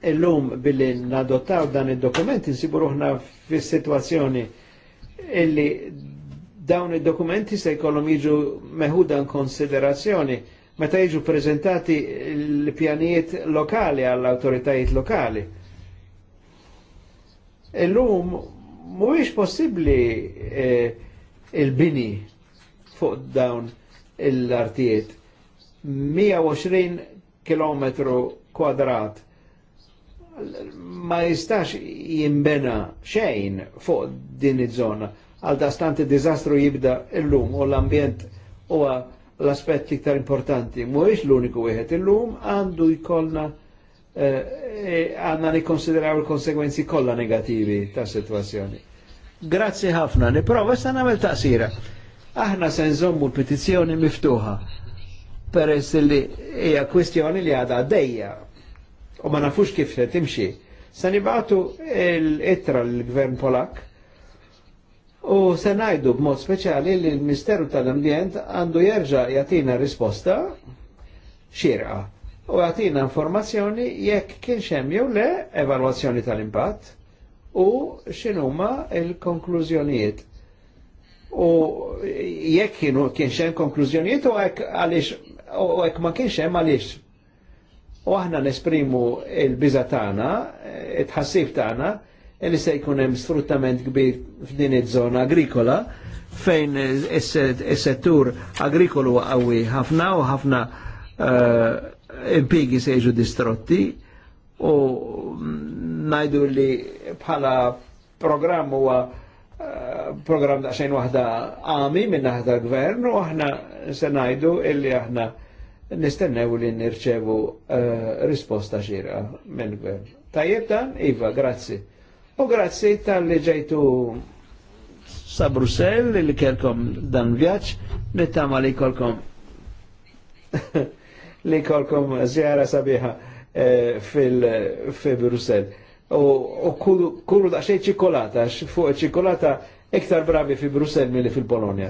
l-lum billi nadottaw dan il-dokument insibu ruħna fis situazzjoni illi dawn il-dokumenti se jkollhom jiġu meħuda konsiderazzjoni meta jiġu prezentati l-pjanijiet lokali għall autoritajiet lokali. Illum mhuwiex possibbli eh, il-bini fuq dawn l-artijiet. 120 km kwadrat ma jistax jimbena xejn fuq din iż-żona għal dastanti diżastru jibda illum u l-ambjent huwa l-aspett iktar importanti. Mhuwiex l-uniku wieħed illum għandu jkollna eh, eh, għandna nikkonsideraw il-konsegwenzi kollha negativi ta' situazzjoni. Grazzi ħafna, niprova sa' nagħmel taqsira. Aħna se nżommu l-petizzjoni miftuħa peress li hija kwestjoni li għadha dejja u ma nafux kif se timxi. Se nibatu l-ittra l-gvern Polak u se najdu b'mod speċjali li l misteru tal-Ambjent għandu jerġa' jatina risposta xirqa u jatina informazzjoni jekk kien xem jew le evalwazzjoni tal-impatt u x'inhuma l-konklużjonijiet. U jekk kienu kien xem konklużjonijiet u għaliex għek ma kienx hemm għaliex u aħna nesprimu il-biża tagħna, it-ħassib tagħna, li se jkun hemm sfruttament kbir f'din iż-żona agrikola fejn is-settur agrikolu qawwi ħafna u ħafna eh, impigi se jiġu distrotti u najdu li bħala programm huwa eh, programm daqsxejn waħda għami minn naħda gvern u aħna se najdu illi aħna nistennew li nirċevu eh, risposta xira minn gvern Tajjeb dan, Iva, grazzi. U grazzi tal-li ġejtu sa Brussel li kelkom dan vjaċ, nittama li kolkom li kolkom zjara sabiħa eh, fil Brussel. U kullu daċċej ċikolata, fuq ċikolata iktar bravi fi Brussel mill fil-Polonia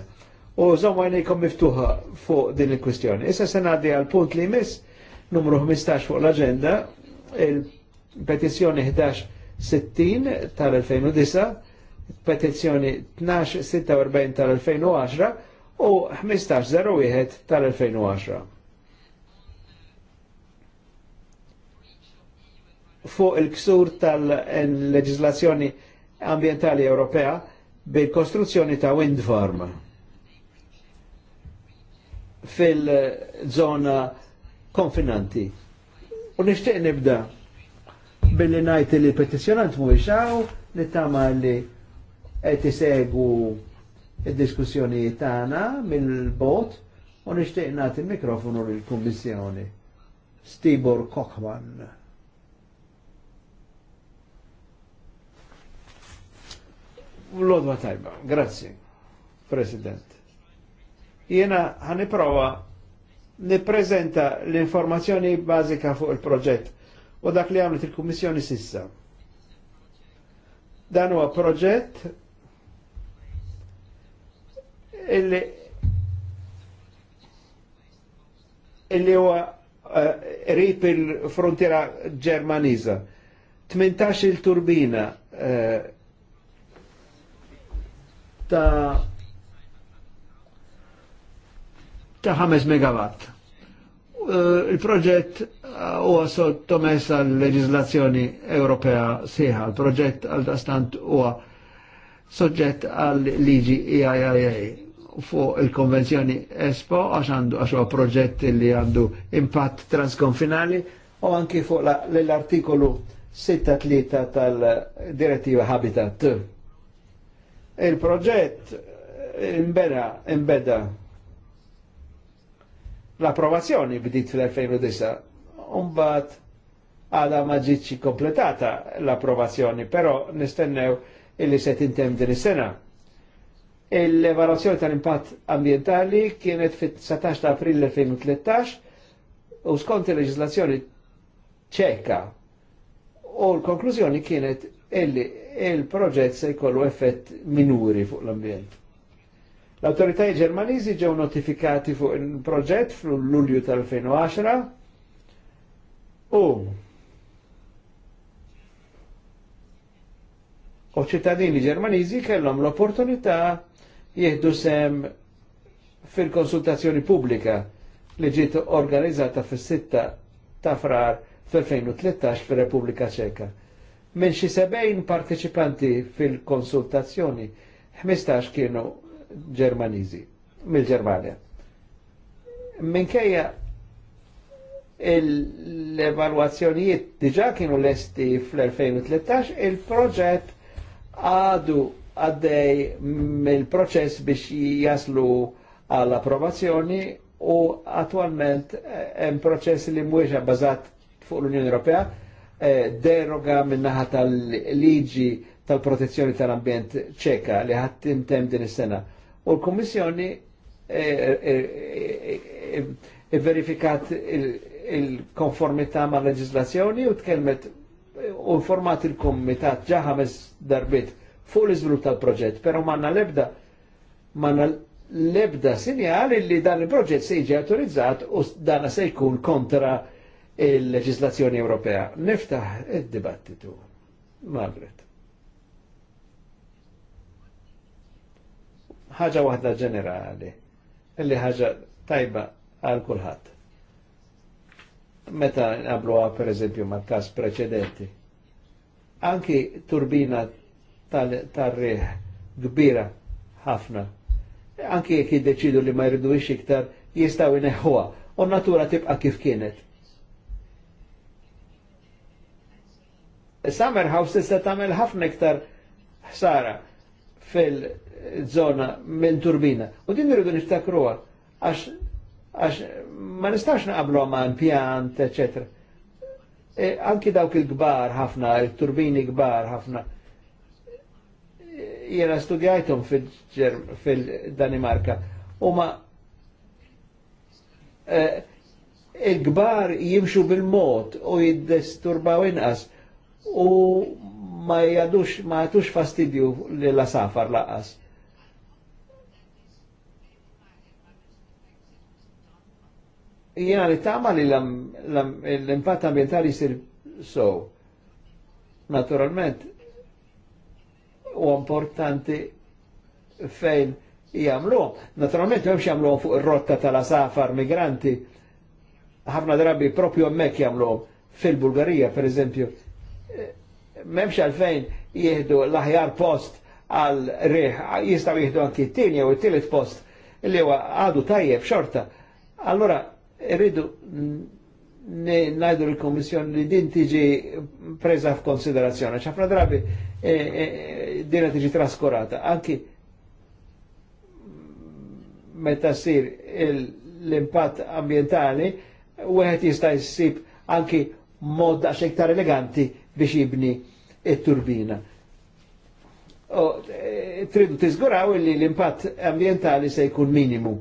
u zommajnejkom miftuħa fuq din il-kwistjoni. Issa se ngħaddi għal punt li jmiss numru 15 fuq l-agenda il-petizjoni 1160 tal-2009, petizjoni 1246 tal-2010 u 1501 tal-2010. fuq il-ksur tal-leġislazzjoni ambientali Ewropea bil-kostruzzjoni ta' wind farm fil zona konfinanti. U nixtieq nibda billi ngħid li petizjonant mu mhuwiex hawn nittama li qed isegwu id-diskussjoni tana mill-bot u nixtieq nagħti il-mikrofonu lill-Kummissjoni. Stibor Kochman. Lodwa tajba, grazie President. Jena ħaniprova niprezenta l-informazzjoni bażika fuq il-proġett u dak li għamlet il-Kummissjoni sissa. Dan huwa proġett illi illi huwa uh, eh, rip il-frontiera ġermaniża. 18 il-turbina uh, ta' ta' 5 megawatt. Eh, il-proġett eh, u uh, sottomess għal leġislazzjoni Ewropea sieħa. Il-proġett għal dastant huwa soġġett għal liġi e IIIA fuq il-konvenzjoni ESPO għax għandu għax huwa proġett li għandu impatt transkonfinali u anki fuq l-artikolu 6-3 tal-direttiva Habitat. Il-proġett eh, imbeda l-approvazzjoni bdiet fl-2009. Umbat għada maġiċi kompletata l-approvazzjoni, però nistennew illi se tintem din is-sena. Il-evaluazzjoni tal-impatt ambientali kienet fit-19 ta' april 2013 u skont il-leġislazzjoni ċeka u l-konklużjoni kienet illi il-proġett se jkollu effett minuri fuq l-ambjent. L-autoritajiet ġermaniżi ġew notifikati fuq il-proġett fl-Lulju tal-2010 u u ċittadini ġermaniżi kellhom l-opportunità jieħdu sem fil-konsultazzjoni pubblika li ġiet organizzata fis-6 ta' frar fl-2013 fil-Repubblika Ċeka. Minn xi sebgħin partiċipanti fil-konsultazzjoni, 15 kienu Ġermaniżi mill ġermania Minkejja l-evalwazzjonijiet diġa kienu lesti fl-2013, il-proġett għadu għaddej mill-proċess biex jaslu għall-approvazzjoni u attualment eh, hemm proċess li mhuwiex bbażat fuq l-Unjoni Ewropea eh, deroga minnaħa tal-liġi tal-protezzjoni tal-ambjent ċeka li ħadd intem din is-sena u l-Kommissjoni eh, eh, eh, verifikat il-konformità ma' leġislazzjoni u tkelmet u informat il-komitat ġaħames darbit fuq l-iżvilupp tal-proġett, pero manna lebda manna lebda sinjal li dan il-proġett se jiġi autorizzat u dan se jkun kontra il-leġislazzjoni Ewropea. Niftaħ id-dibattitu. Margaret. ħaġa waħda ġenerali, illi ħaġa tajba għal kulħadd. Meta nqabluha per eżempju ma' każ preċedenti. Anki turbina tar-riħ kbira ħafna. Anki jekk jiddeċidu li ma jridux iktar jistgħu jneħħuha u natura tibqa' kif kienet. Summer House tista' tagħmel ħafna iktar ħsara fil zona minn turbina U din irridu niftakruha għax għax ma nistax naqablu ma' impjant, ecc. E, anki dawk il-gbar ħafna, il-turbini gbar ħafna. E, jena studijajtum fil-Danimarka. U ma e, il-gbar jimxu bil-mod u jiddisturbaw inqas u ma jadux, ma jadux fastidju li la safar laqas. Jena li tama li l-impatt ambientali sir so. Naturalment, u importanti fejn jamlu. Naturalment, jemx jamlu fuq il-rotta tal-asafar migranti, ħafna drabi propju għammek jamlu fil-Bulgarija, per eżempju, memx għalfejn jihdu laħjar post għal riħ, jistaw jihdu għanki t-tini u t-tilet post li huwa għadu tajjeb xorta. Allora, rridu najdu l komissjon li din tiġi presa f'konsiderazzjoni, ċafna drabi e, e, din tiġi traskurata, anki meta sir l-impatt ambientali, u għet jista' jissib anki mod għax iktar eleganti biex jibni il turbina eh, Tridu tiżguraw li l-impatt ambientali se jkun minimu.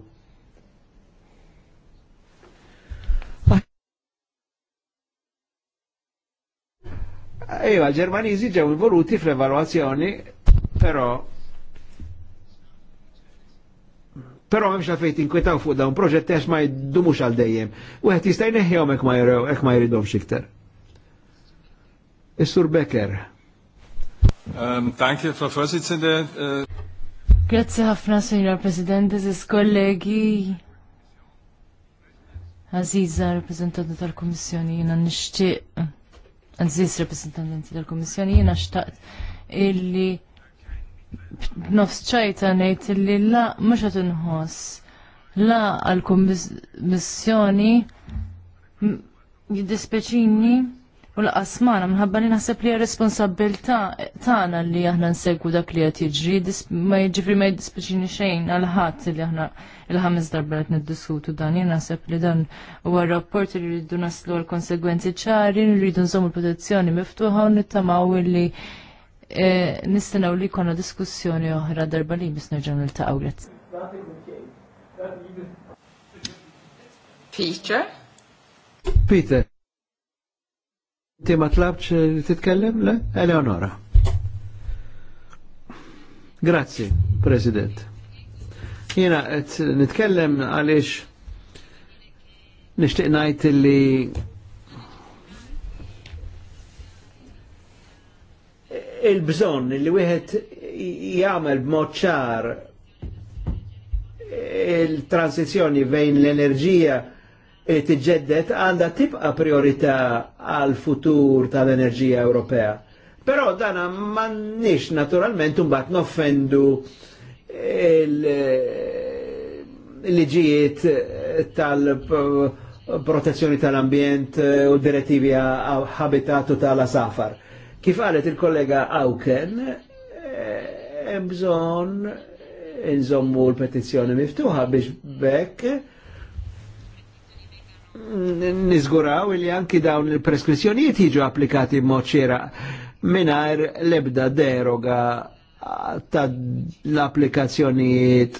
Ejwa, ġermanizi ġew involuti fl-evaluazzjoni, però però memx għalfejt inkwetaw fuq dawn proġett għax ma jiddumux għal dejjem. U għet jistaj neħjom ek ma jridom xiktar. Is-Sur Becker. Um, danke, Frau Vorsitzende. Uh, Grazie ħafna, Sinjora President, eżis kollegi. Aziza, rappresentanti tal-Komissjoni, jina nishtiq. Aziz, rappresentanti tal-Komissjoni, jina xtaqt illi b'nofs ċajta nejt illi la mux għatunħos la għal-Komissjoni jiddispeċini u l-qasmana minħabba li naħseb li responsabilta tagħna li aħna nsegwu dak li qed jiġri ma jiġifri ma jiddispiċini xejn għal ħadd li aħna il-ħames darba qed niddiskutu dan jien naħseb li dan huwa rapport li rridu naslu għal konsegwenzi ċari, rridu nżomu l-protezzjoni miftuħa u nittamaw li e, nistenaw li konna diskussjoni oħra darba li bis il-taqaw niltaqgħu. Peter? Peter. Ti ma tlabċ eh, titkellem? Le? Eleonora. Grazzi, President. Jena, nitkellem għalix nishtiq najt li il-bżon li wieħed jagħmel b'mod ċar il-transizjoni bejn l-enerġija E tiġġeddet għandha tibqa' priorità għal futur tal-enerġija Ewropea. Però dana m'għandniex naturalment imbagħad noffendu l ġijiet tal-protezzjoni tal-ambjent u direttivi habitatu tal-asafar. Kif għalet il-kollega Auken, eh, hemm nżommu l petizjoni miftuħa biex bekk nizguraw li anki dawn il-preskrizzjonijiet jiġu applikati moċera minar lebda deroga ta' l-applikazzjonijiet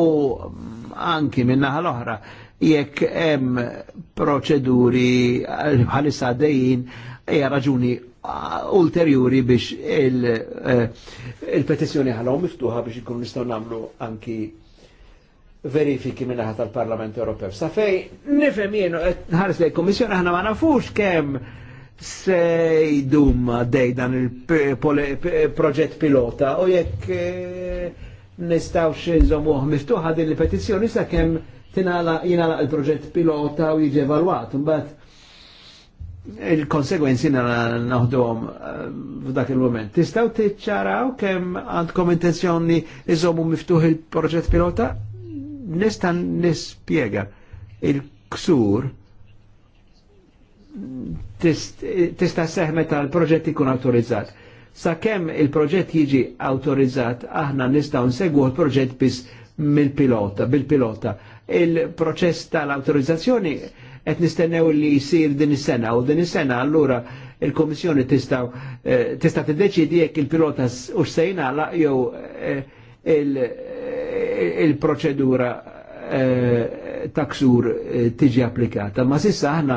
u anki minnaħa l-oħra jekk hemm proċeduri bħalissa dejjin hija raġuni ulterjuri biex eh, il-petizzjoni il ħalhom miftuħa biex ikunu nistgħu nagħmlu anki verifiki minnaħat tal-Parlament Ewropew. Sa fej, nifem jienu, eh, ħares li kommissjoni ħana ma nafux kem se jdum dej dan il-proġett pilota u jekk eh, nistawx uħ miftuħa din il-petizjoni sa kem tinala jinala il-proġett pilota u jiġi evaluat, Mbagħad il-konsegwenzi naħdom eh, f'dak il-moment. Tistaw tiċċaraw kemm għandkom intenzjoni iżomu miftuħ il-proġett pilota? Nistan nispiega il-ksur tista' seħ meta l-proġett ikun autorizzat. Sa kem il-proġett jiġi autorizzat, aħna nistgħu nsegwu l-proġett biss mill-pilota, bil-pilota. Il-proċess tal-autorizzazzjoni qed nistennew li jsir din is-sena u din is-sena allura il-Komissjoni tista' eh, tista' tiddeċidi jekk il-pilota u xsejna jew eh, il- il-proċedura eh, taksur eh, tiġi applikata. Ma sissa aħna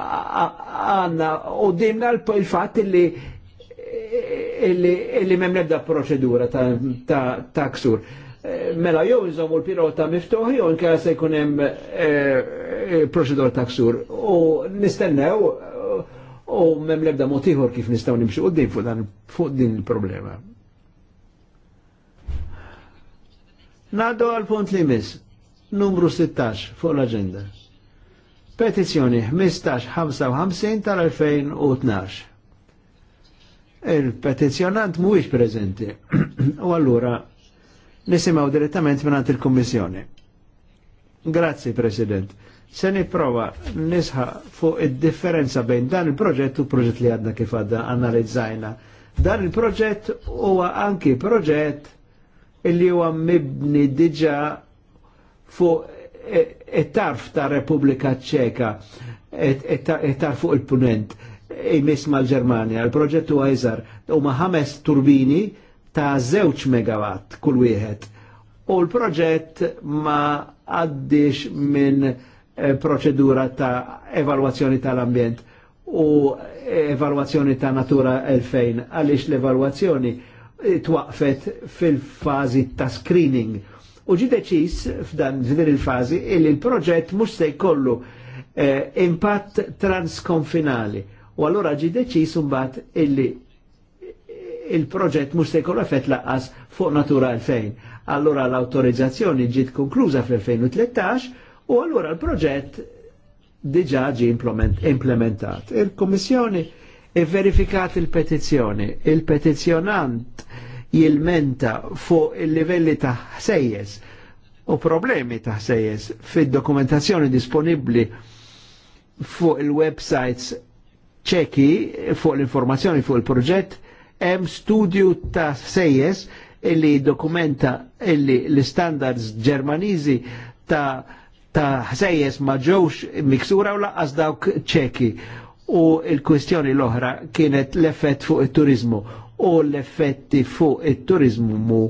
għanna u dimna il-fat li eh, li mem nebda proċedura ta' taksur. Mela jow nżomu l-pirota miftuħi u nkera se jkun hemm proċedura taksur. U nistennew u mem nebda motiħor kif nistgħu nimxu qudiem fuq din il-problema. Naddu għal punt li mis, numru 16 fuq l-agenda. Petizjoni 1555 tal-2012. Il-petizjonant mhuwiex preżenti u allura nisimgħu direttament minn il-Kummissjoni. Grazzi, President. Se nipprova nisħa fuq id-differenza bejn dan il-proġett u proġett li għadna kif għadna analizzajna. Dan il-proġett huwa anki proġett illi huwa mibni diġa fuq it-tarf e- ta' Repubblika Ċeka, it-tarf e-, e-, fuq il-punent, imis mal-Ġermania. Il-proġett huwa iżar huma ħames turbini ta' żewġ megawatt kull wieħed. U l-proġett ma għaddix minn proċedura ta' evalwazzjoni tal-ambjent u evalwazzjoni ta' natura 2000 għaliex l-evalwazzjoni Eh, twaqfet fil-fazi ta' screening. U ġi deċis f'dan din il-fazi illi l-proġett mhux se jkollu eh, impatt transkonfinali. U allora ġi deċis imbagħad illi eh, il-proġett mhux se jkollu effett laqqas fuq natura 2000. Allora l-autorizzazzjoni ġiet konkluża fl-2013 u allora l-proġett diġa ġi implement implementat. Il-Kommissjoni e verifikat il-petizzjoni. Il-petizzjonant jilmenta fuq il-livelli ta' sejjes u problemi ta' sejjes fid-dokumentazzjoni disponibbli fuq il-websites ċeki fuq l-informazzjoni fuq il-proġett hemm studju ta' sejjes illi dokumenta illi l-standards ġermaniżi ta' ta' ħsejjes ma ġewx miksura u laqqas dawk ċeki u il-kwestjoni l-oħra kienet l-effett fuq il-turizmu u l-effetti fuq il-turizmu mu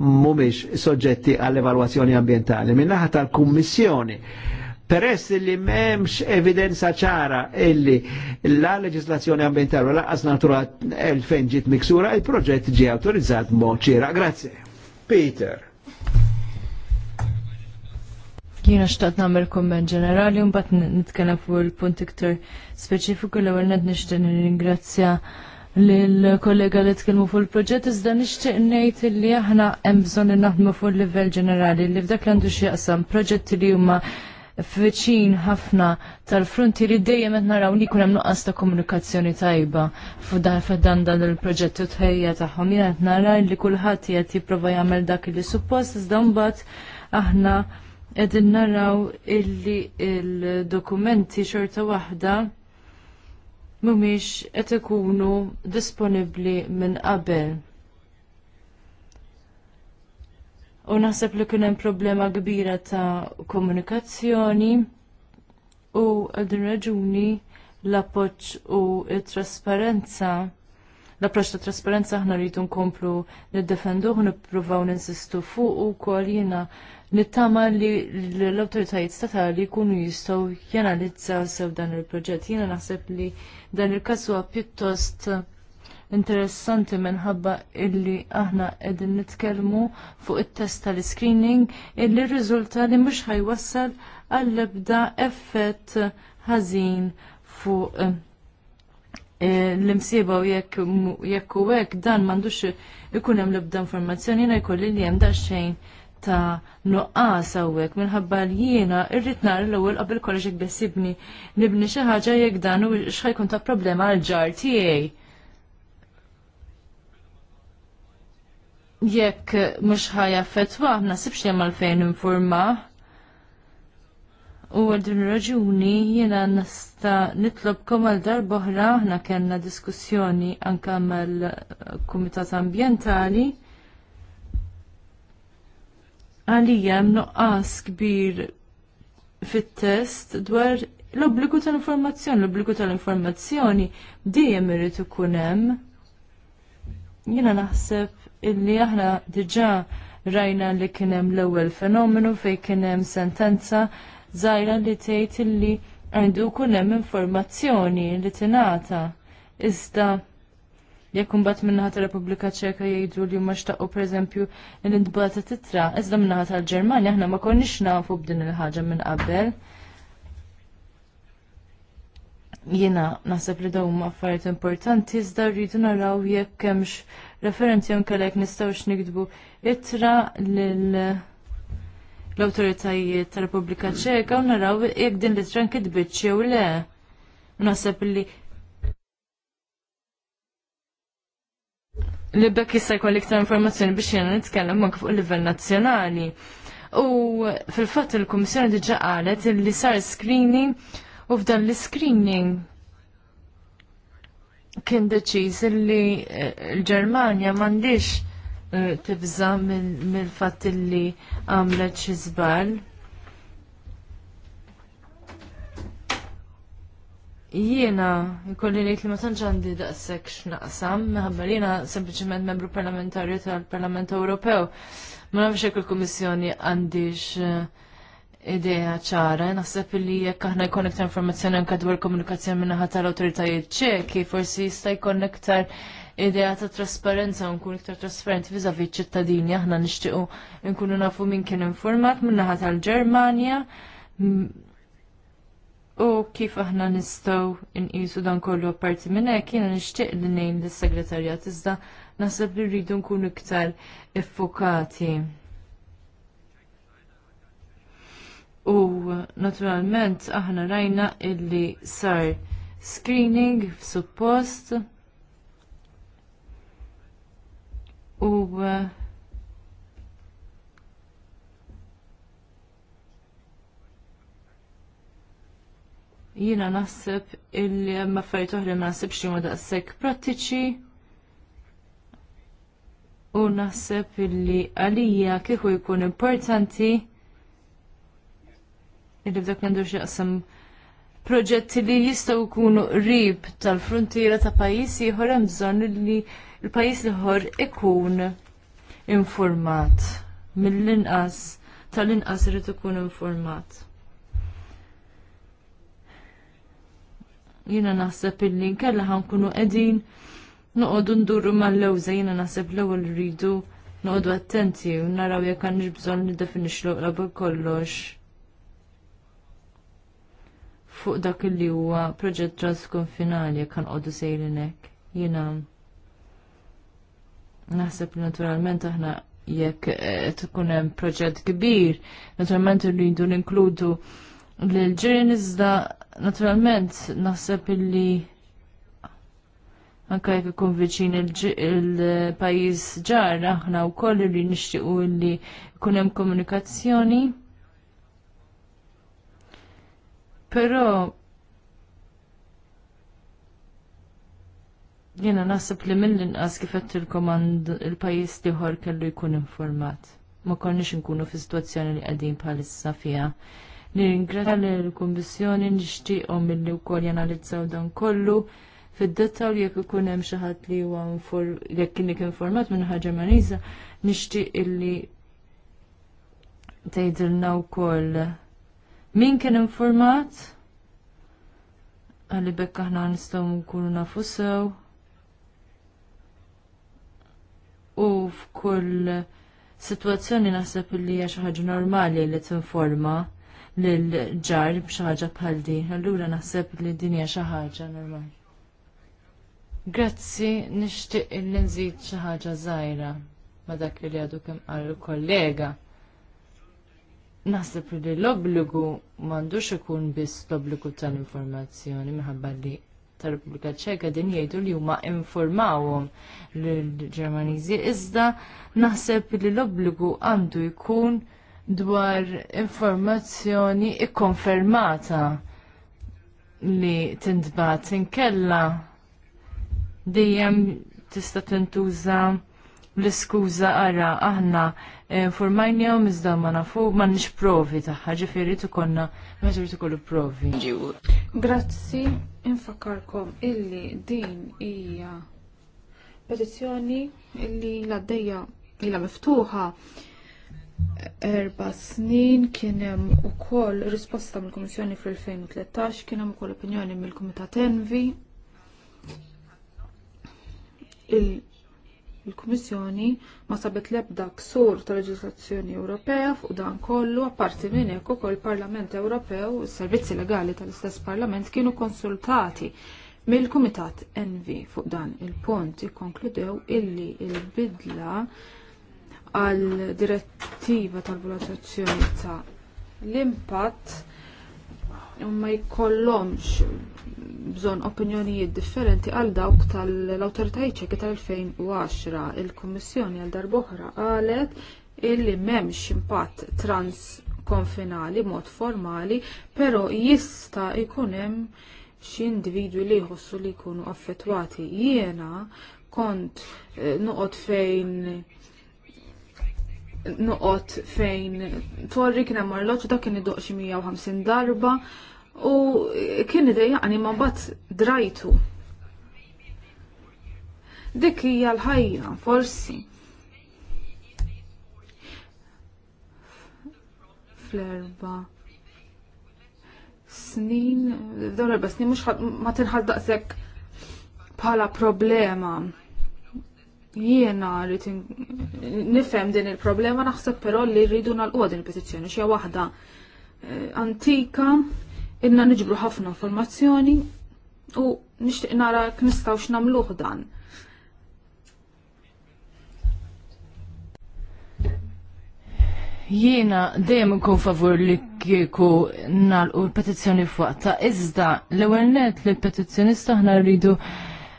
mumiex soġġetti għall evaluazzjoni ambientali. Minnaħa tal-Kummissjoni, peress li memx evidenza ċara illi la leġislazzjoni ambientali u laqas natura 2000 ġit miksura, il-proġett ġi autorizzat moċira. Grazie. Peter. Jiena xtaqt nagħmel komment ġenerali un mbagħad nitkellem fuq il-punt iktar speċifiku l-ewwel qed nixtieq nirringrazzja lill-kollega li tkellmu fuq il-proġett iżda nixtieq ngħid li aħna hemm bżonn naħdmu fuq il-livell ġenerali li f'dak l-għandu xi jaqsam proġetti li huma f'veċin ħafna tal-fronti li dejjem qed naraw li jkun hemm nuqqas ta' komunikazzjoni tajba f'dan dan il-proġett u tħejja tagħhom jien qed nara li kulħadd qed jipprova jagħmel dak li suppost iżda mbagħad aħna edin naraw illi il-dokumenti xorta waħda mumiex qed ikunu disponibbli minn qabel. U naħseb li kien hemm problema kbira ta' komunikazzjoni u għal din raġuni l-appoġġ u t-trasparenza l-approċċ ta' trasparenza aħna rridu nkomplu niddefenduh u nippruvaw ninsistu fuq kol jiena nittama li l-autoritajiet statali jkunu jistgħu janalizzaw sew dan il-proġett. Jiena naħseb li dan il-każ huwa pjuttost interessanti minħabba illi aħna qegħdin nitkellmu fuq it-test tal-screening illi rriżulta li mhux ħajwassal għall-ebda effett ħażin fuq eh, l-imsiba u jekk u hekk dan m'għandux ikun hemm l-ebda informazzjoni jkolli li hemm daqsxejn ta' nuqqas hawnhekk minħabba li jiena irrit nara l-ewwel qabel kollox jekk besibni nibni xi ħaġa jekk dan u x'ħajkun ta' problema għal ġar tiegħi. Jekk mhux ħajaffettwa naħsibx li hemm għalfejn infurma. U għal din raġuni jiena nista nitlobkom għal darboħra aħna kellna diskussjoni anke mal-Kumitat Ambjentali għalija hemm noqqas kbir fit-test dwar l-obbligu tal-informazzjoni, l-obbligu tal-informazzjoni dejjem irid ikun hemm. Jiena naħseb illi aħna diġà rajna li kien hemm l-ewwel fenomenu fejn kien hemm sentenza żgħira li tgħid illi għandu jkun hemm informazzjoni li tingħata. Iżda jekk imbagħad minnaħa tar-Repubblika Ċeka jgħidu li huma xtaqgħu pereżempju li nintbata titra, iżda minnaħa tal-Ġermanja aħna ma konniex nafu b'din il-ħaġa minn qabel. Jiena naħseb li dawn huma affarijiet importanti iżda rridu naraw jekk hemmx referenti anke jekk nistgħux nikdbu ittra lil l-autoritajiet tal-Repubblika Ċeka u naraw jekk din l-itran kitbitx jew le. Naħseb li li bekk jista' jkun iktar informazzjoni biex jiena nitkellem anke fuq livell nazzjonali. U fil-fatt il-Kummissjoni diġà qalet li sar screening u f'dan l-screening kien deċiż li eh, l-Ġermanja m'għandix eh, tibża mill-fatt li għamlet xi żball. Jiena, jkolli ngħid li ma tantx għandi daqshekk x'naqsam, minħabba li jiena sempliċement membru parlamentarju tal-Parlament Ewropew. Ma nafx hekk il-Kummissjoni għandix eh, idea ċara, naħseb li jekk aħna jkun iktar informazzjoni anke dwar komunikazzjoni minnaħa tal-awtoritajiet ċeki, forsi jista' jkun iktar idea ta' trasparenza u nkun iktar trasparenti viżavi ċittadini aħna nixtiequ nkunu nafu min kien informat minnaħa tal-Ġermanja U kif aħna nistgħu inqisu dan kollu apparti minn hekk jiena nixtieq li ngħin lis-segretarjat iżda naħseb li rridu nkunu iktar effokati. U naturalment aħna rajna illi sar screening f'suppost u Jiena naħseb illi ma affarijiet oħra ma nasib xie huma daqshekk prattiċi u naħseb illi għalija kieku jkun importanti illi f'dak għandu x'jaqsam proġetti li jistgħu jkunu qrib tal-frontiera ta' pajjiż ieħor hemm bżonn li l-pajjiż ieħor ikun informat mill-inqas tal-inqas irid ikun informat. Jiena naħseb illi nkella ħankunu qegħdin noqogħdu nduru mal lewza jina naħseb l-ewwel rridu noqogħdu attenti u naraw jekk għandix bżonn niddefinix l-oqra kollox fuq dak li huwa proġett finali jekk ħanqogħdu qodu hekk. Jiena naħseb naturalment aħna jekk tkun hemm proġett kbir, naturalment irridu ninkludu l-ġirin iżda naturalment naħseb illi anka jek ikun viċin il-pajis ġar aħna u koll li nishtiqu li kunem hemm komunikazzjoni. Però jena naħseb li mill-inqas kif qed il-komand il-pajis liħor kellu jkun informat. Ma konniex nkunu fi situazzjoni li qegħdin bħalissa fiha. Nirringrazzja l kummissjoni nixtieqhom milli wkoll janalizzaw dan kollu fid-dettall jekk ikun hemm xi ħadd li huwa jekk kienik informat minn ħaġa Maniża nixtieq illi tgħidilna wkoll min kien informat għalli bekk aħna nistgħu nkunu nafu sew u f'kull Situazzjoni naħseb li hija xi ħaġa normali li tinforma l-ġar b'xi bħal din. Allura naħseb li din hija xi ħaġa Grazzi, nixtieq il nżid xi ħaġa żgħira ma dak li għadu kemm qal kollega Naħseb li l-obbligu m'għandux ikun biss l-obbligu tal-informazzjoni minħabba li tar-Repubblika Ċeka din jgħidu li huma informawhom lill-Ġermaniżi iżda naħseb li l-obbligu għandu jkun dwar informazzjoni ikkonfermata li tintbat inkella dejjem tista' tintuża l-iskuża ara aħna eh, informajnjom iżda ma nafu ma nix provi taħħa ġifiri tukonna maġur tukollu provi. Grazzi, infakarkom illi din hija petizzjoni illi l għaddejja illa miftuħa erba snin kien hemm ukoll risposta mill-Kummissjoni fil 2013 kien hemm ukoll opinjoni mill-Kumitat Envi. Il-Kummissjoni ma sabet l-ebda ksur ta' leġislazzjoni Ewropea fuq dan kollu apparti minn hekk ukoll il-Parlament Ewropew is-servizzi legali tal-istess Parlament kienu konsultati mill-Kumitat Envi fuq dan il-punt ikkonkludew illi il-bidla il bidla għal direttiva tal-valutazzjoni ta' l-impatt ma jkollhomx bżonn opinjonijiet differenti għal dawk tal-awtoritajiet ċeki tal-2010. Il-Kummissjoni għal darb'oħra qalet illi m'hemmx impatt transkonfinali mod formali, però jista' jkun hemm xi individwi li jħossu li jkunu affettwati. Jiena kont eh, noqgħod fejn noqot fejn torri kien hemm orloġġ dak kien idoq xi 150 darba u kien idejjaqni ma mbagħad drajtu. Dik hija l-ħajja, forsi. fl-erba snin, dawn l-erba snin mhux ma tinħaddaqsek bħala problema. Jiena rrid nifhem din il-problema naħseb però li rridu nalqwa din il-petizzjoni xi waħda eh, antika inna niġbru ħafna informazzjoni u nixtieq nara kif nistgħu x'nagħmluh dan. Jiena dejjem ikun favur li kieku nalqu l-petizzjoni f'waqta, iżda l-ewwel net li l-petizzjonista aħna rridu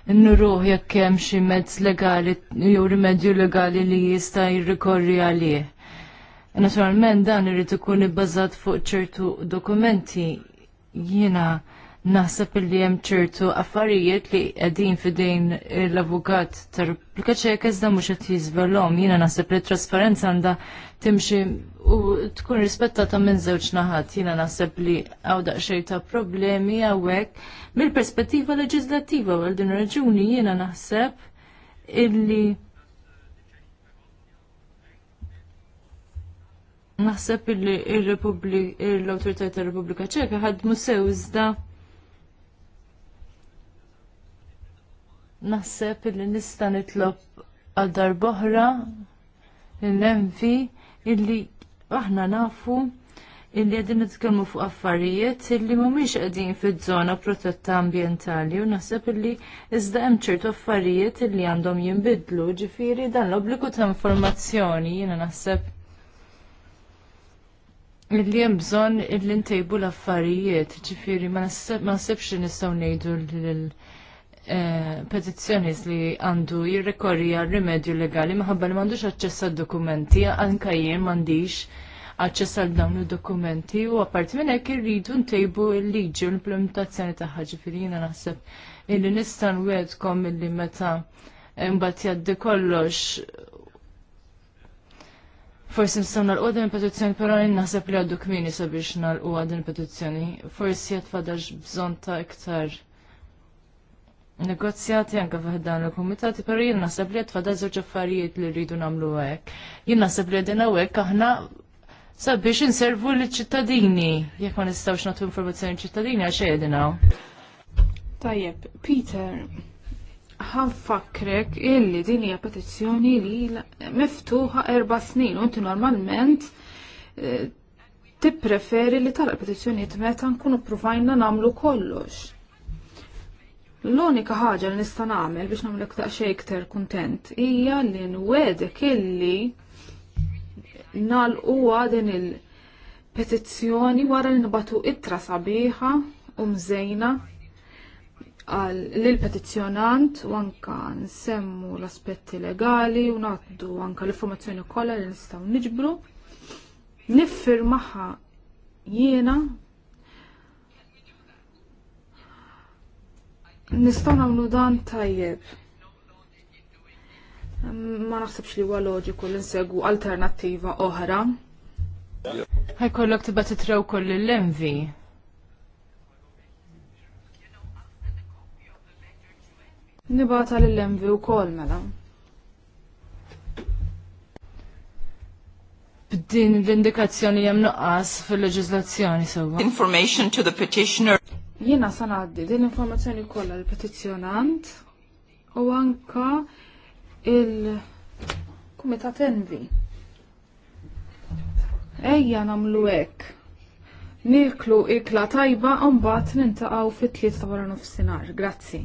nruħ jekk hemm xi mezz legali jew rimedju legali li jista' jirrikorri għalih. Naturalment dan irid ikun ibbażat fuq ċertu dokumenti jiena naħseb li hemm ċertu affarijiet li qegħdin fidejn l-avukat tar-Repubblika Ċeka iżda mhux qed jiżvelhom. Jiena naħseb li t trasparenza għandha timxi u tkun rispettata minn żewġ naħat. Jiena naħseb li għaw daqsxejn ta' problemi hawnhekk mill-perspettiva leġislattiva għal din raġuni jiena naħseb illi naħseb illi l autorita ta' repubblika Ċeka ħadmu musew iżda naħseb illi nista' nitlob għal darboħra il envi illi aħna nafu illi għedin nitkellmu fuq affarijiet illi mhumiex qegħdin fiż-żona protetta ambjentali u naħseb illi iżda hemm ċertu affarijiet illi għandhom jinbidlu, ġifieri dan l-obbligu ta' informazzjoni jiena naħseb illi hemm bżonn illi ntejbu l-affarijiet, ġifieri ma naħsebx nistgħu ngħidu lil Eh, petizzjoniz li għandu jirrekorri għal rimedju legali maħabba li mandux aċċess għal dokumenti anka jien mandix aċċess għal dawn il-dokumenti u apparti minn hekk irridu ntejbu l-liġi u l-implementazzjoni tagħha ġifieri jina naħseb illi nista' nwedkom illi meta mbagħad jgħaddi kollox Forsi nistaw nalqu din il-petizzjoni, però naħseb li għaddu kmini sabiex nal din il-petizzjoni. Forsi jatfadax bżon ta' iktar negozjati anke f'ħdan il-kumitati, però jien naħseb li qed fadal żewġ affarijiet li rridu nagħmlu hekk. Jien naħseb li qegħdin hawnhekk aħna sabiex inservu l-ċittadini, jekk ma nistgħux nagħtu informazzjoni ċittadini għax qegħdin hawn. Tajjeb, Peter, ħanfakrek illi din hija petizzjoni li miftuħa erba' snin u inti normalment eh, tippreferi li tal petizzjonijiet meta nkunu provajna nagħmlu kollox L-unika ħaġa li nista' nagħmel biex nagħmlek daqsxejn iktar kuntent hija li nwedek illi nagħlquha din il-petizzjoni wara li nibatu ittra sabiħa u mżejna lil lill-petizzjonant u anka nsemmu l-aspetti legali u naddu anka l-informazzjoni kollha li nistgħu niġbru. niffirmaha jiena Nistgħu nagħmlu dan tajjeb. Ma naħsebx li huwa loġiku li nsegwu alternattiva oħra. Ħajkollok tibgħat titraw koll l-envi. Nibata l-envi u kol mela. B'din l-indikazzjoni jem nuqqas fil-leġizlazzjoni sewa. Information to the petitioner. Jiena sanaddi din informazzjoni kollha l-petizzjonant u anka il-Kumitat Envi. Ejja namlu hekk. Niklu ikla tajba u mbagħad nintaqgħu fit-tliet wara nofsinhar. Grazzi.